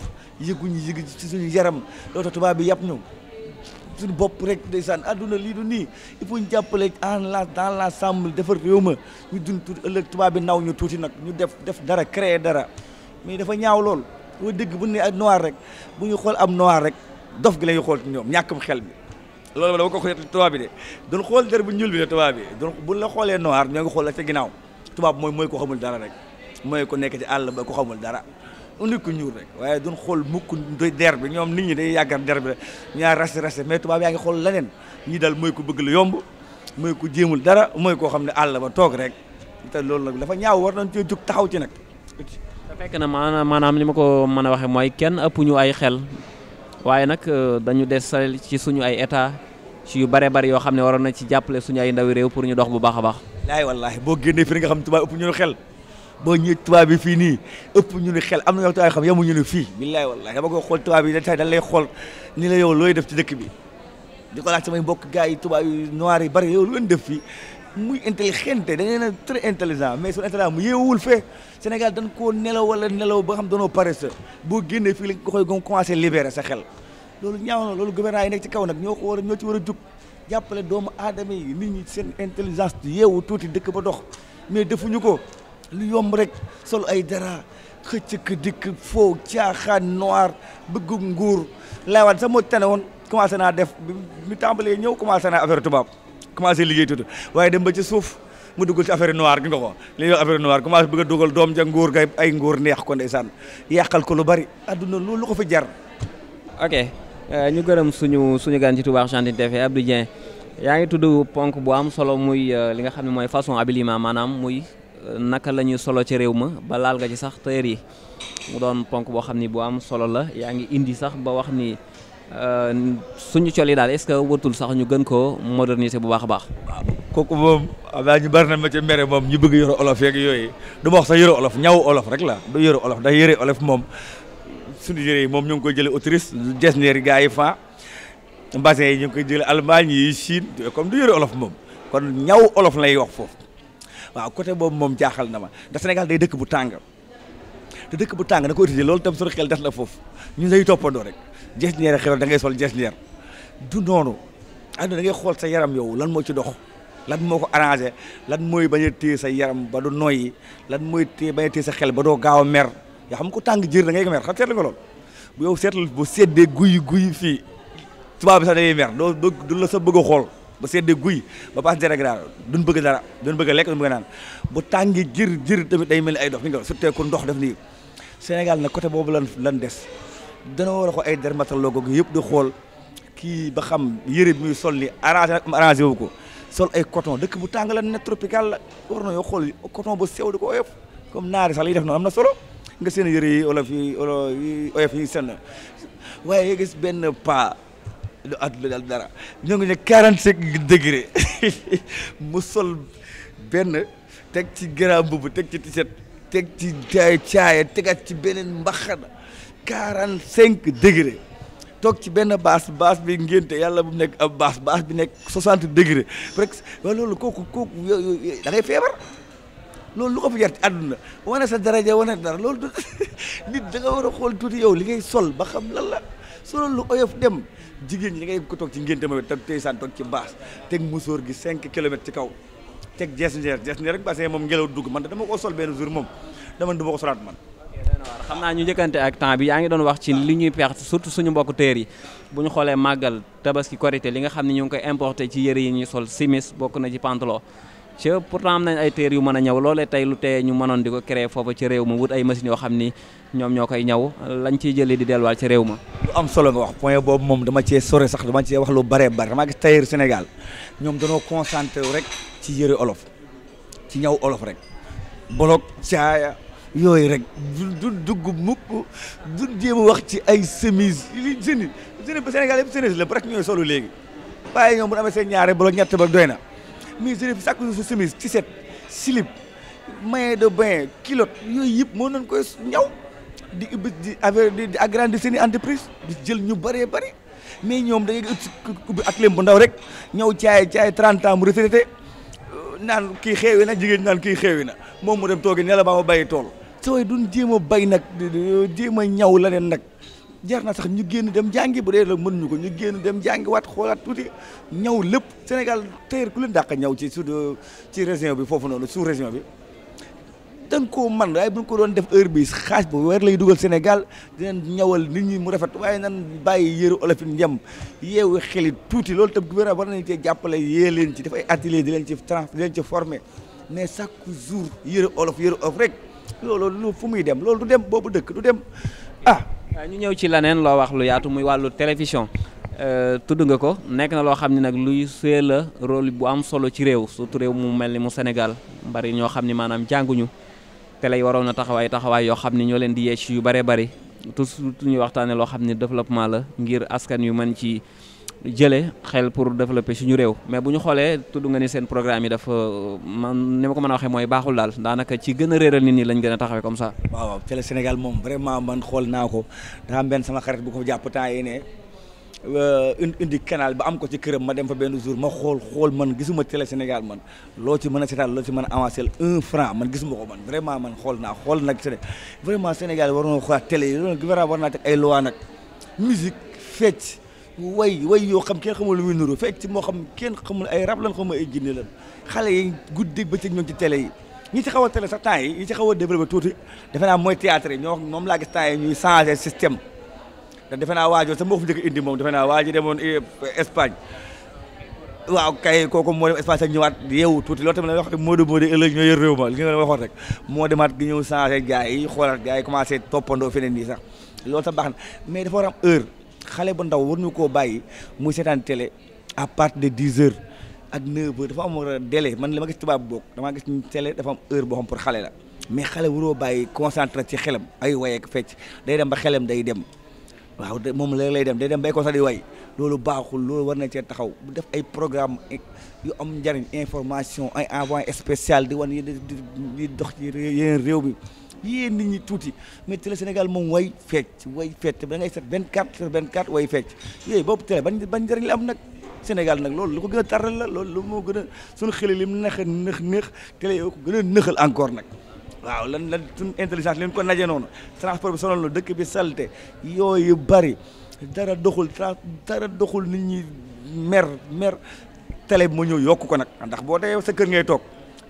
S2: yëguñu yëg ci suñu yaram loolu tax tubaab bi yàpp ñu suñu bopp rek san àdduna lii du nii il faut ñu jàppale en la dans l'ensemble defar réew ma ñu dund tuuti ëllëg tubaab bi naw ñu tuuti nag ñu def def dara créer dara mais dafa ñaaw lool boo dégg bu ne ak noir rek bu ñu xool am noir rek dof gi la xool ci ñoom ñàkkum xel bi loolu dama ko xool tubaab bi de doon xool der bu ñuul bi de tubaab bi doon bu la xoolee noir ñoo ngi xool la ca ginnaaw tubaab mooy mooy ko xamul dara rek mooy ko nekk ci àll ba ko xamul dara nit ku ñuul rek waaye duñ xool mukk der bi ñoom nit ñi day yàggar der bi rek ñaar rase rase mais tubaab yaa ngi xool leneen ñii daal mooy ko bëgg la yomb mooy ko jéemul dara mooy koo xam ne àll ba toog rek loolu nag dafa ñaaw war nañ cee jug taxaw ci nag.
S1: te fekk na maanaam maanaam li ma ko mën a waxee mooy kenn ëpp ñu ay xel waaye nag euh, dañu des ci suñu ay état ci yu bare bari yoo xam ne waroon na ci jàppale suñu ay ndawi réew pour ñu dox bu baax a baax.
S2: laay wallaahi boo génnee fi nga xam tubaab ëpp ñu xel. boo ñu tubaab bi fii nii ëpp ñu ni xel am na ñoo tubaab yi xam yemuñu ni fii billaay wallaay dama koy xool tubaab yi da tay dañ lay xool ni la yow looy def ci dëkk bi di ko laaj samay mbokk gars yi tubaab yu yi bari yow lu leen def fii muy intelligente da ngeen a très intelligent mais suñu intelligent mu yeewul fee Sénégal dañ koo nelaw wala nelaw ba xam danoo paresseux boo génnee fii la ko koy gom commencé libérer sa xel loolu ñaaw na loolu gouvernement yi nekk ci kaw nag ñoo ko war a ci war a jug jàppale doomu aadama yi nit ñi seen intelligence yeewu tuuti dëkk ba dox mais defuñu ko lu yomb rek sol ay dara xëcc dikk foo caaxaan noir bëgg nguur laywaan sax moo tane woon commencé naa def mi tàmbalee ñëw commencé naa affaire tubaab commencé liggéey tuuti waaye dem ba ci suuf mu dugal ci affaire noir gi nga ko li ñuy affaire noir commencé bëgg a dugal doom ja nguur ay nguur neex ko ndeysaan yàqal ko lu bari adduna loolu lu ko fi jar.
S1: ok euh, ñu gërëm suñu suñu gan ci Touba Argentine TV Abdou yaa ngi tudd ponk bu am solo muy euh, li nga xam ne mooy façon habillement maanaam muy. naka la ñuy solo ci réew ma ba laal nga ci sax tailleur yi mu doon ponk boo xam ni bu am solo la yaa ngi indi sax ba wax ni euh, suñu col yi daal est-ce que wërtul sax ñu gën koo moderniser bu baax a baax. kooku moom xam naa ñu bari na ma ca mere
S2: moom ñu bëgg yore olof yeeg yooyu du ma wax sax yore olof ñaw olof rek la du yore olof ndax yore olof moom suñu yére yi moom ñu ngi koy jëlee Autriche Jesner gaa yi fa bassin yi ñu ngi koy jëlee Allemagne yi Chine comme du yore olof moom kon ñaw olof lay wax foofu. waaw côté boobu moom jaaxal na ma ndax Sénégal day dëkk bu tàng te dëkk bu tàng da ko utiliser loolu tam suñu xel des la foofu ñu lay toppandoo rek jees ñeer xeroon da ngay sol jees ñeer du noonu adduna da xool sa yaram yow lan mooy ci dox lan moo ko arrangé lan mooy bañ a téye sa yaram ba du noyyi lan mooy téye bañ a téye sa xel ba doo gaaw a mer yoo xam ko tàng jër da ngay mer xam seetlu nga lool bu yow seetlu bu seddee guy guy fii tubaab bi sa day mer doo du la sa bëgg xool ba seddee guy ba paas dérégral duñ bëgg dara duñ bëgg lekk duñ bëgg naan bu tàngi jër jër tamit day mel ni ay dox ni nga surtout ku ndox def nii Sénégal nag côté boobu lan lan des dana war a ko ay dermatologue yëpp di xool kii ba xam yëre bi sol ni arrangé wu ko sol ay coton dëkk bu tàng la ne tropical la war na yoo xool coton ba sew di ko oyof comme naari sax li def noonu am na solo nga seen yëre yi olof yi olof yi oyof yi seen waaye gis lu àdduna daal dara ñoo ngi ne quarante cinq degré mu sol benn teg ci garaam boobu teg ci t teg ci caaya tegaat ci beneen mbaxana quarante cinq degré toog ci benn baas baas bi ngénte yàlla bu nekk ab baas baas bi nekk soixante degré rek waaw loolu kooku kooku da ngay feebar loolu lu ko fi ci àdduna wane sa daraja wane dara loolu nit da nga war a xool tuuti yow li ngay sol ba xam lan la solo lu oyof dem jigéen ñi da ngay ko toog ci ngénte ma te tey saan toog ci baas teg musóor gi 5 kilomètres ci kaw teg jees ndeer jees ndeer rek bassin moom ngelaw dugg man dama ko sol benn jour moom dama du ma ko solaat man
S1: xam naa ñu njëkkante ak temps bi yaa ngi doon wax ci li ñuy perte surtout suñu mbokku téer yi bu ñu xoolee màggal tabaski korité li nga xam ne ñu ngi koy importé ci yëre yi ñuy sol simis bokk na ci pantalon ci pourtant am nañ ay téer yu mën a ñaw loolee tey lu teye ñu mënoon di ko créer foofa ci réew ma wut ay machines yoo xam ni ñoom ñoo koy ñaw lañ ciy jëlee di delluwaat ci réew ma
S2: lu am solo nga wax point boobu moom dama cee sore sax dama cee wax lu bare bare damaa gis tailleur Sénégal ñoom dañoo concentré rek ci yëre olof ci ñaw olof rek bolog caaya yooyu rek du dugg mukk du jéem a wax ci ay chemise li jeune jeune ba Sénégal yëpp chemise la ba rek ñooy solo léegi waaye ñoom bu amee seen ñaare bolog ñett ba doy na mais je chaque jour sa chemise t-shirt slip de bain culotte yooyu yëpp moo nañ koy ñaw di ubbi di affaire di agrandir seen i entreprise di jël ñu bëree bëri mais ñoom da ngay ubbi ak leen bu ndaw rek ñëw caay caay 30 ans mu retraité euh, naan kii xeewi na jigéen naan kii xeewi na moom mu dem toogi ne la ba ma bàyyi tool. sooy du jéem a bay nag jéem ñaw la leen nag. jar na sax ñu génn dem jàngi bu dee la mën ñu ko ñu génn dem jàngi waat xoolaat tuuti ñaw lépp Sénégal tey ku leen dàq ñaw ci sud ci région bi foofu noonu sous région bi dañ koo man waaye bu ñu ko doon def heure bi xaaj bu weer lay dugal Sénégal dinañ ñawal nit ñi mu rafet waaye nan bàyyi yëru olof yi njëm yeewu xel tuuti loolu tam gouvernement war nañu cee jàppale yee leen ci def ay atelier di leen ci trans di leen mais chaque
S1: jour yëru olof yëru olof rek
S2: loolu fu muy dem loolu du dem boobu
S1: dëkk du dem ah Euh, ñu ñëw ci leneen loo wax lu yaatu muy wàllu télévision euh, tudd nga ko nekk na loo xam ne nag luy suyee la rôle bu am solo ci réew surtout réew mu mel ni mu Sénégal bari ñoo xam ni maanaam jànguñu te lay waroon na taxawaay taxawaay yoo xam ni ñoo leen di yee yu bare bari tout ñuy waxtaanee loo xam ni développement la ngir askan yu mën ci. jëlee xel pour développer suñu réew mais bu ñu xoolee tudd nga ni seen programme yi dafa man ni ma ko mën a waxee mooy baaxul daal daanaka ci gën a réeral nit ñi lañ gën a taxawee comme ça.
S2: waaw waaw télé Sénégal moom vraiment man xool naa ko daa am benn sama xarit bu ko jàpp temps yi ne euh, indi canal ba am ko ci këram ma dem fa benn jour ma xool xool man gisuma télé Sénégal man loo ci mën a seetaan loo ci mën a avancé un franc man gisuma ko man vraiment man xool naa xool nag Séné vraiment Sénégal war na xoolaat télé yi loolu ay loi nag musique fecc way way yoo xam kenn xamul lu muy nuru fecc moo xam kenn xamul ay rab lan xamul ay jinne lan xale yi guddi bëccëg ñoom ci télé yi ñi ci xaw a télé sax temps yi ñi ci xaw a développé tuuti defe naa mooy théâtre yi ñoo moom laa gis temps yi ñuy changé système te naa waajoo sa moo fi indi moom defe naa waa ji demoon eh, Espagne waaw kay kooku moo dem Espagne ñëwaat tuuti loolu tamit la wax Modou Modou ëllëg ñoo yor réew ma li nga waxoon rek moo demaat gi ñëw changé gars yi xoolaat gars yi toppandoo feneen nii sax loolu sa baax na mais dafa war heure xale bu ndaw war ñu koo bàyyi muy seetaan télé à partir de dix heures ak neuf heures dafa am délai man li ma gis tubaab boog dama gis télé dafa am heure boo xam pour xale la mais xale waroo bàyyi concentré ci xelam ay way fecc day dem ba xelam day dem waaw moom léeg lay dem day dem ba concentré di way loolu baaxul loolu war na cee taxaw bu def ay programme yu am njariñ information ay envoyé spécial di wan yi dox ci yeneen réew mi yéen nit ñi tuuti mais télé Sénégal moom way fecc way fecc da ngay set 24 sur 24 way fecc yooyu boobu télé ba ban njëriñ la am nag Sénégal nag loolu lu ko gën a taral la loolu lu moo gën a sunu xel lim neex a neex neex télé yoo ko gën a nëxal encore nag waaw lan lan suñu intelligence leen ko naje noonu transport bi sonal na dëkk bi salte yooyu bari dara doxul trans dara doxul nit ñi mer mer tele bi moo ñëw yokk ko nag ndax boo dee sa kër ngay toog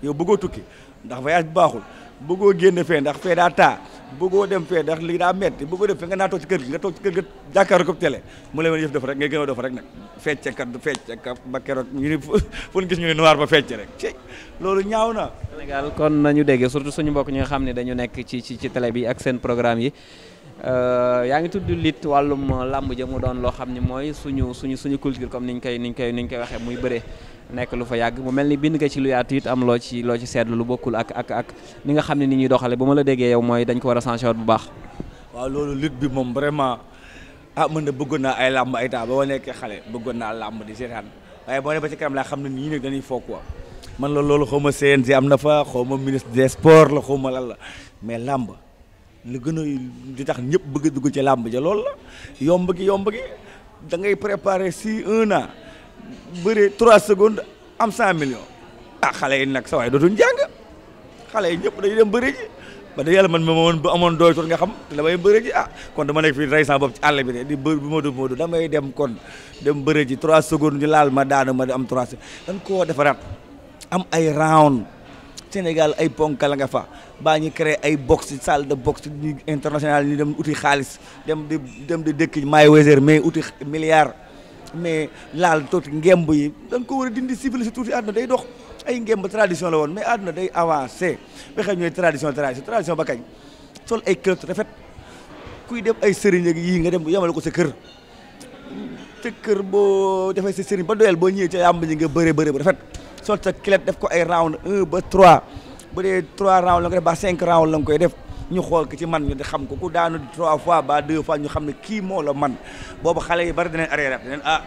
S2: yow bëggoo tukki ndax voyage baaxul bëggoo génn fee ndax fee daa taa bëggoo dem fee ndax li daa metti bëggoo dem fee nga naa toog ci kër gi nga toog ci kër ga jàkkaaroo ko def rek ngay gën a def rek nag feccekat du feccekat ba keroog ñu ni fu ñu gis ñu ne noir ba fecce rek ci loolu ñaaw na Sénégal
S1: kon nañu dégg surtout suñu mbokk ñi nga xam ne dañu nekk ci ci ci télé bi ak seen programme yi euh, yaa ngi tudd lit wàllum làmb ja mu doon loo xam ne mooy suñu suñu suñu culture comme niñ koy niñ koy niñ koy waxee muy bëree nekk lu fa yàgg mu mel ni bind nga ci lu yaatu it am loo ci loo ci seetlu lu bokkul ak ak ak ni nga xam ne ni ñuy doxale bu ma la déggee yow mooy dañ ko war a changé bu baax
S2: waaw loolu lutte bi moom vraiment ah mën na bëggoon naa ay làmb ay temps ba ma nekkee xale bëggoon naa làmb di seetaan waaye boo ne ba ci kanam laa xam ne nii ne dañuy foog quoi man la loolu xaw ma CNG am na fa xaw ma ministre des sports la xaw ma lan la mais làmb lu gën a di tax ñëpp bëgg a ci làmb ja loolu yomb gi yomb gi da ngay préparer si un bëree 3 secondes am 100 millions ah xale yi nag sa waay dootuñ jàng xale yi ñëpp dañuy dem bëri ji ba da yàlla man ma woon ba amoon doy toon nga xam te damay bëri ji ah kon dama nekk fii rey sama bopp ci àll bi de di bër bi moodu moodu damay dem kon dem bëri ji 3 secondes ñu laal ma daanu ma am 3 dañ koo defaraat am ay round Sénégal ay ponkal nga fa baa ñu créé ay box salle de boxe ñu international ñu dem uti xaalis dem di dem di dëkk maay weser mais uti milliard mais laal tuuti ngemb yi da ko war a dindi civilisé tuuti àdduna day dox ay ngemb tradition la woon mais àdduna day avancé ba xam ñooy tradition tradition ba kañ sol ay culotte rafet kuy dem ay sëriñ ak yii nga dem yemale ko sa kër te kër boo defee sa sëriñ ba doyal boo ñëwee ca yàmb ñi nga bëree bëree rafet sol sa clé def ko ay round un ba trois ba dee trois round la nga def ba cinq round la nga koy def ñu xool ko ci man ñu di xam ko ku daanu trois fois ba deux fois ñu xam ne kii moo la man boobu xale yi bari dinañ arrière dinañ ah.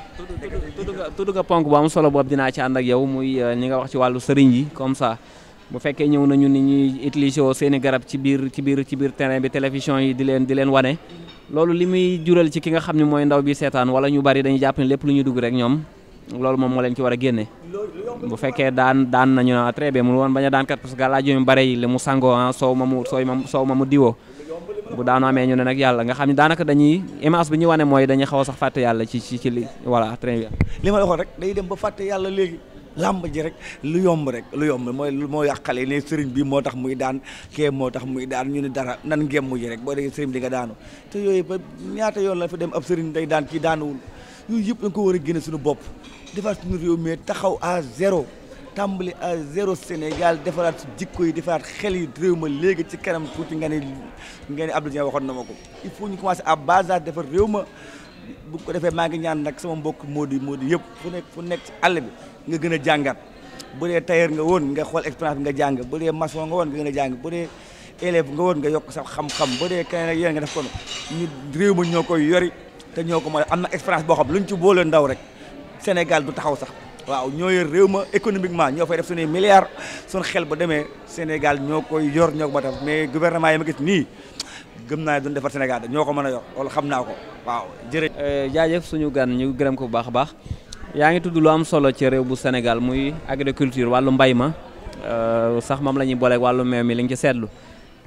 S1: tudd nga tudd nga ponk bu am solo boobu dinaa ci ànd ak yow muy ñi euh, nga wax ci wàllu sëriñ yi comme ça. bu fekkee ñëw nañu ni ñuy utiliser woo seen i garab ci biir ci biir ci biir terrain bi télévision yi di leen di leen wane loolu li muy jural ci ki nga xam ne mooy ndaw bi seetaan wala ñu bari dañuy jàpp ne lépp lu ñu dugg rek ñoom loolu moom moo leen ci war a génne bu fekkee daan daan nañu na ah, très bien mu woon bañ a daan kat parce que laaj yu bare yi li mu sangoo ah soow ma mu ma ma diwoo bu daanu amee ñu ne nag yàlla nga xam ne daanaka dañuy image bi ñu wane mooy dañuy xaw a sax fàtte yàlla ci ci ci li voilà très bien. ma
S2: waxoon rek day dem ba fàtte yàlla léegi làmb ji rek lu yomb rek lu yomb mooy moo yàqale ne sëriñ bi moo tax muy daan kee moo tax muy daan ñu ne dara nan ngemm ji rek boo dee sëriñ di nga daanu te ba ñaata yoon la fi dem ab sëriñ day daan kii daanuwul yooyu yëpp dañ ko war a génne suñu bopp defaraat suñu réew mi taxaw à zéro tàmbali à zéro Sénégal defaraat jikko yi defaraat xel yi réew ma léegi ci kanam tuuti nga ne nga ne Abdou Dieng waxoon na ma ko il faut ñu commencer à base à defar réew ma bu ko defee maa ngi ñaan nag sama mbokk moo di moo di yëpp fu nekk fu nekk ci àll bi nga gën a jàngat bu dee tailleur nga woon nga xool expérience bi nga jàng ba dee maçon nga woon nga gën jàng bu dee élève nga woon nga yokk sa xam-xam bu dee keneen ak yéen nga def kon ñu réew ma ñoo koy yori te ñoo ko mën am na expérience boo xam luñ ci boole ndaw rek Sénégal du taxaw sax waaw ñoo yor réew ma économiquement ñoo fay def suñuy milliards suñu xel bu demee Sénégal ñoo koy yor ñoo ko ma mais gouvernement yi ma gis nii gëm naa ne duñ defar Sénégal ñoo ko
S1: mën a yor loolu xam naa ko waaw jërëjëf. Euh, jaajëf suñu gan ñu gërëm ko bu baax a baax yaa ngi tudd lu am solo ci réew bu Sénégal muy agriculture wàllu mbay ma euh, sax moom la ñuy booleeg wàllu meew mi li nga ci seetlu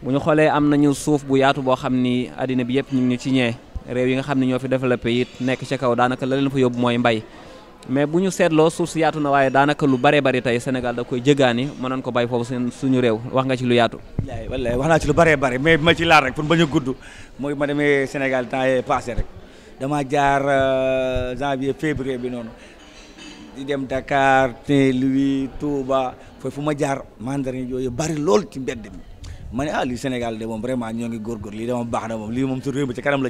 S1: bu ñu xoolee am nañu suuf bu yaatu boo xam ni àddina bi yëpp ñu ngi ñu ci ñee réew yi nga xam ne ñoo fi développé it nekk ci kaw daanaka la leen fa mooy mbay mais bu ñu seetloo suuf si yaatu na waaye daanaka lu bare bari tey Sénégal da koy jëgaani mënoon ko bay foofu seen suñu réew wax nga ci lu yaatu.
S2: wallaay wallaay wax naa ci lu bare bari mais bi ma ci laal rek pour bañ a mooy ma demee Sénégal temps yee passé rek dama jaar euh, janvier février bi noonu di dem Dakar Saint-Louis Touba foofu fu ma jaar mandarin yooyu bari lool ci mbedd mi ma ne ah lii Sénégal de moom vraiment ñoo ngi góorgóorlu lii de moom baax na moom lii moom su réew mi ci kanam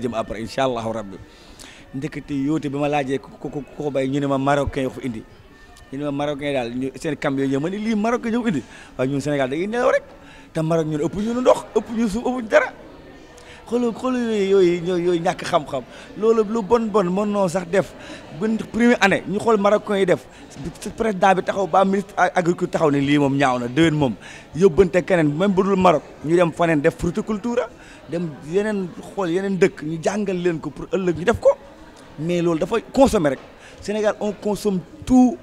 S2: ndëkkati yóote bi ma laajee ku ku ko bay ñu ne ma marocain yoo ko indi ñu ne ma marocain daal ñu seen kam yooyu ma ne lii marocain ñëw indi waaye ñun Sénégal da ngay nelaw rek te Maroc ëpp ñu ndox ëpp ñu suuf ëpp ñu dara xoolal xoolal yooyu yooyu yooyu ñàkk xam-xam loolu lu bon mën noo sax def buñ première année ñu xool marocain yi def président bi taxaw ba ministre agriculture taxaw ne lii moom ñaaw na déwén moom yóbbante keneen même bu dul Maroc ñu dem faneen def fruticulture dem yeneen xool yeneen dëkk ñu jàngal leen ko pour ëllëg ñu def ko mais loolu dafa consommer rek Sénégal on consomme tout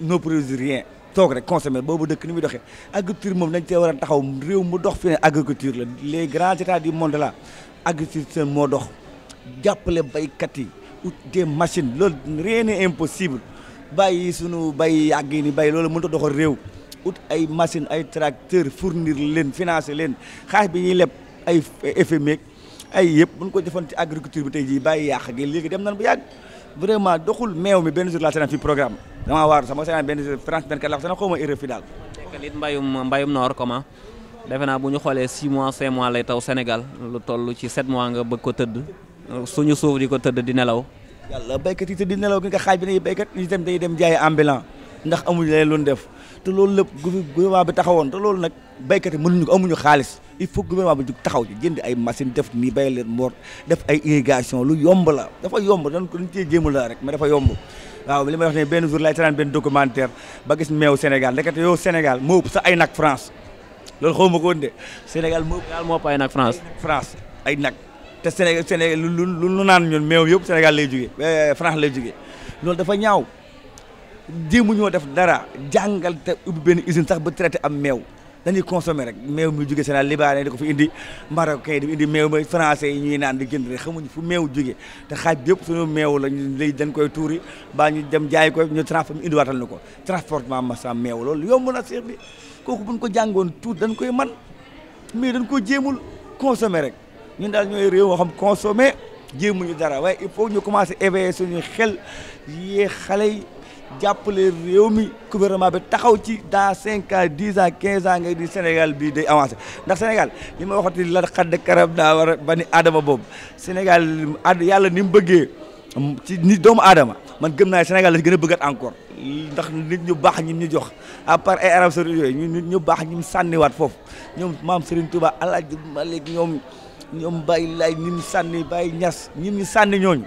S2: ne produit rien toog rek consommer boobu dëkk ni muy doxee agriculture moom dañ cee war a taxaw réew mu dox fi ne agriculture la les grands états du monde là agriculture moo dox jàppale baykat yi ut des machines loolu rien n'est impossible bàyyi sunu bay yàgg yi ni bay loolu mënut a doxal réew ut ay machine ay tracteurs fournir leen financer leen xaalis bi ñuy leb ay FMI ay yëpp buñ ko defoon ci agriculture bi tey jii bàyyi yàq gi léegi dem nañ bu yàgg vraiment doxul meew mi benn jour laa seetaan fi programme damaa waar sama seetaan benn jour France 24 laa ko seetaan xaw ma erreur fi daal.
S1: Ah. fekk xoolee 6 mois 5 mois lay taw Sénégal lu toll ci 7 mois nga bëgg ko tëdd suñu suuf di ko tëdd di nelaw.
S2: yàlla béykat yi di nelaw gi nga xaaj bi ne béykat yi itam day dem jaayi ambulant ndax amuñu leen lu def te loolu lépp gouvernement bi taxawoon te loolu nag béykat yi mënuñu ko amuñu xaalis il faut gouvernement bi jug taxaw ci jënd ay machine def nii bay leen moor def ay irrigation lu yomb la dafa yomb dañ ko dañ cee jéem la rek ma dafa yomb waaw li ma wax ne benn jour laay seetaan benn documentaire ba gis meew Sénégal ndekete yow Sénégal moo ëpp sax ay nag France loolu xaw ma ko woon de
S1: Sénégal moo ëpp moo ëpp ay France ay nag te
S2: Sénégal Sénégal lu lu naan ñun meew yëpp Sénégal lay jugee eh, France lay jugee loolu dafa ñaaw jéemu ñoo def dara jàngal te ubbi benn usine sax ba traité am meew dañuy consommer rek meew juge jóge Sénégal libaane di ko fi indi marocain di indi meew mi français yi ñuy naan di jënd rek xamuñu fu meew jóge te xaaj bi yëpp suñu meew la lay dañ koy tuuri baa ñu dem jaay ko ñu transforme indiwaatal na ko transportement masa meew loolu yomb na seex bi kooku buñ ko jàngoon tuut dañ koy man mais dañ ko jéemul consommer rek ñun daal ñooy réew moo xam consommer ñu dara waaye il faut ñu commencer éveiller suñu xel yee xale yi jàppale réew mi gouvernement bi taxaw ci dans cinq ans dix ans quinze ans ngay di Sénégal bii day avancé ndax Sénégal li ma waxati la xadd karab daa ba ni aadama boobu Sénégal ad yàlla ni mu bëggee mm, ci ni doomu adama man gëm naa Sénégal la gën a bëggat encore ndax nit ñu baax ñi ñu jox à part ay arab saudi yooyu ñu ñu baax ñi waat foofu ñoom maam Serigne Touba Alaaji Malik ñoom ñoom Baye Laay ñi ñu sànni Baye Ñas ñi ñu sànni ñooñu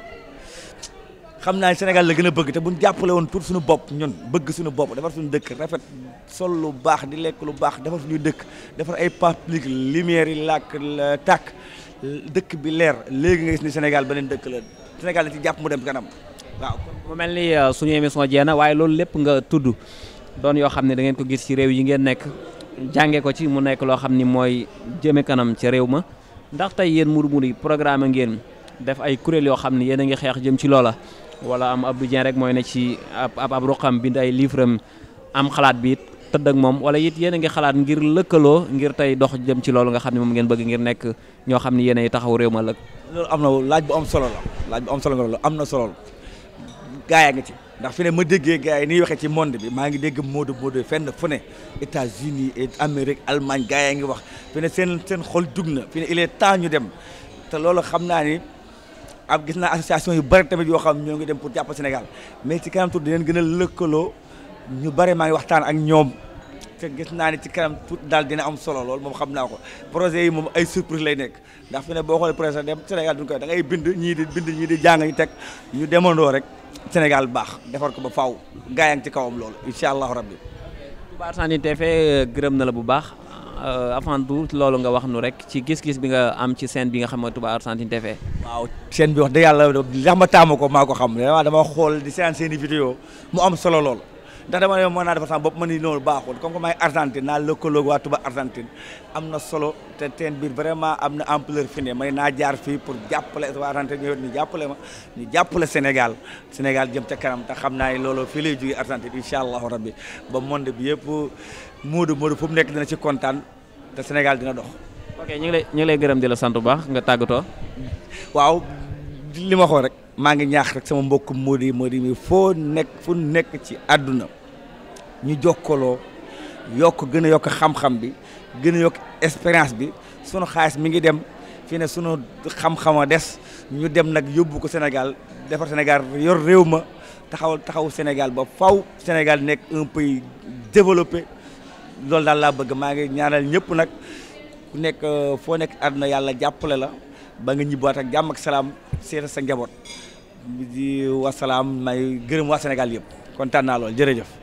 S2: xam naa Sénégal la gën a bëgg te bu jàppale woon pour suñu bopp ñun bëgg suñu bopp defar suñu dëkk rafet sol lu baax di lekk lu baax defar suñuy dëkk defar ay public lumière yi làkk tàkk dëkk bi leer léegi nga gis ni Sénégal ba beneen dëkk la Sénégal la ci jàpp mu dem kanam waaw.
S1: mu mel ni euh, suñu émission jeex na waaye loolu lépp nga tudd doon yoo xam ne da ngeen ko gis ci réew yi ngeen nekk jànge ko ci mu nekk loo xam ni mooy jëme kanam ci réew ma ndax tey yéen mur yi programme ngeen def ay kuréel yoo xam ne yéen a ngi xeex jëm ci loola wala am Abdou Dieng rek mooy na ci ab ab ruqam bind ay livre am xalaat bi it tëdd ak moom wala it yéen a ngi xalaat ngir lëkkaloo ngir tey dox jëm ci loolu nga xam ne moom ngeen bëgg ngir nekk ñoo xam ni yéen ay taxaw réew ma lëkk.
S2: loolu am na laaj bu am solo la laaj bu am solo la am na solo gaa yaa ngi ci ndax fu ne ma déggee gaa yi ni waxee ci monde bi maa ngi dégg mode mode fenn fu ne États-Unis et Amérique Allemagne gaa yaa ngi wax fi ne seen seen xol jug na fi ne il ñu dem te loolu xam naa am gis naa association yu bëri tamit yoo xam ñoo ngi dem pour jàpp Sénégal mais ci kanam tuuti dinañ gën a lëkkaloo ñu bëri maa ngi waxtaan ak ñoom te gis naa ne ci kanam tuuti daal dina am solo lool moom xam naa ko projet yi moom ay surprise lay nekk ndax fi ne boo xoolee projet dem Sénégal duñ koy da ngay bind ñii di bind ñii di jàng ñi teg ñu demandoo rek Sénégal baax defar ko ba faw gaa yaa ngi ci kawam loolu incha allahu rabbi.
S1: Touba Argentine TV gërëm na la bu baax. Euh, avant tout loolu nga wax nu rek ci gis-gis bi nga am ci scène bi nga xam ne Touba Argentine TV. waaw
S2: scène bi wax dëgg yàlla li xam ma taamu ko maa ko xam vraiment dama xool di séance seen i vidéo mu am solo lool. ndax dama ne mën naa defar sama bopp ma ni loolu baaxul comme que maay Argentine naa lëkkaloog waa Touba Argentine na solo fi ne may naa jaar Argentine ñëwet ñu jàppale ma ñu Sénégal Sénégal jëm ca kanam te xam naa ne loolu lay jógee Argentine incha allahu rabbi ba monde bi yëpp Moodu Moodu fu nekk dina te Sénégal dina dox.
S1: ok ñu ngi lay gërëm di la sant bu baax nga tàggatoo.
S2: waaw li ma rek maa ngi ñaax rek sama mbokku Mody Mody mi foo nekk fu nekk ci àdduna ñu jokkaloo yokk gën a yokk xam-xam bi gën a yokk expérience bi sunu xaalis mi ngi dem fii ne sunu xam-xama des ñu dem nag yóbbu ko Sénégal defar Sénégal yor réew ma taxaw taxaw Sénégal ba faw Sénégal nekk un pays développé. loolu daal laa bëgg maa ngi ñaanal ñëpp nag ku nekk euh, foo nekk àdduna yàlla jàppale la ba nga ñibbaat ak jàmm ak salaam seeta sa njaboot di wasalaam may gërëm waa Sénégal yëpp kontaan naa lool jërëjëf.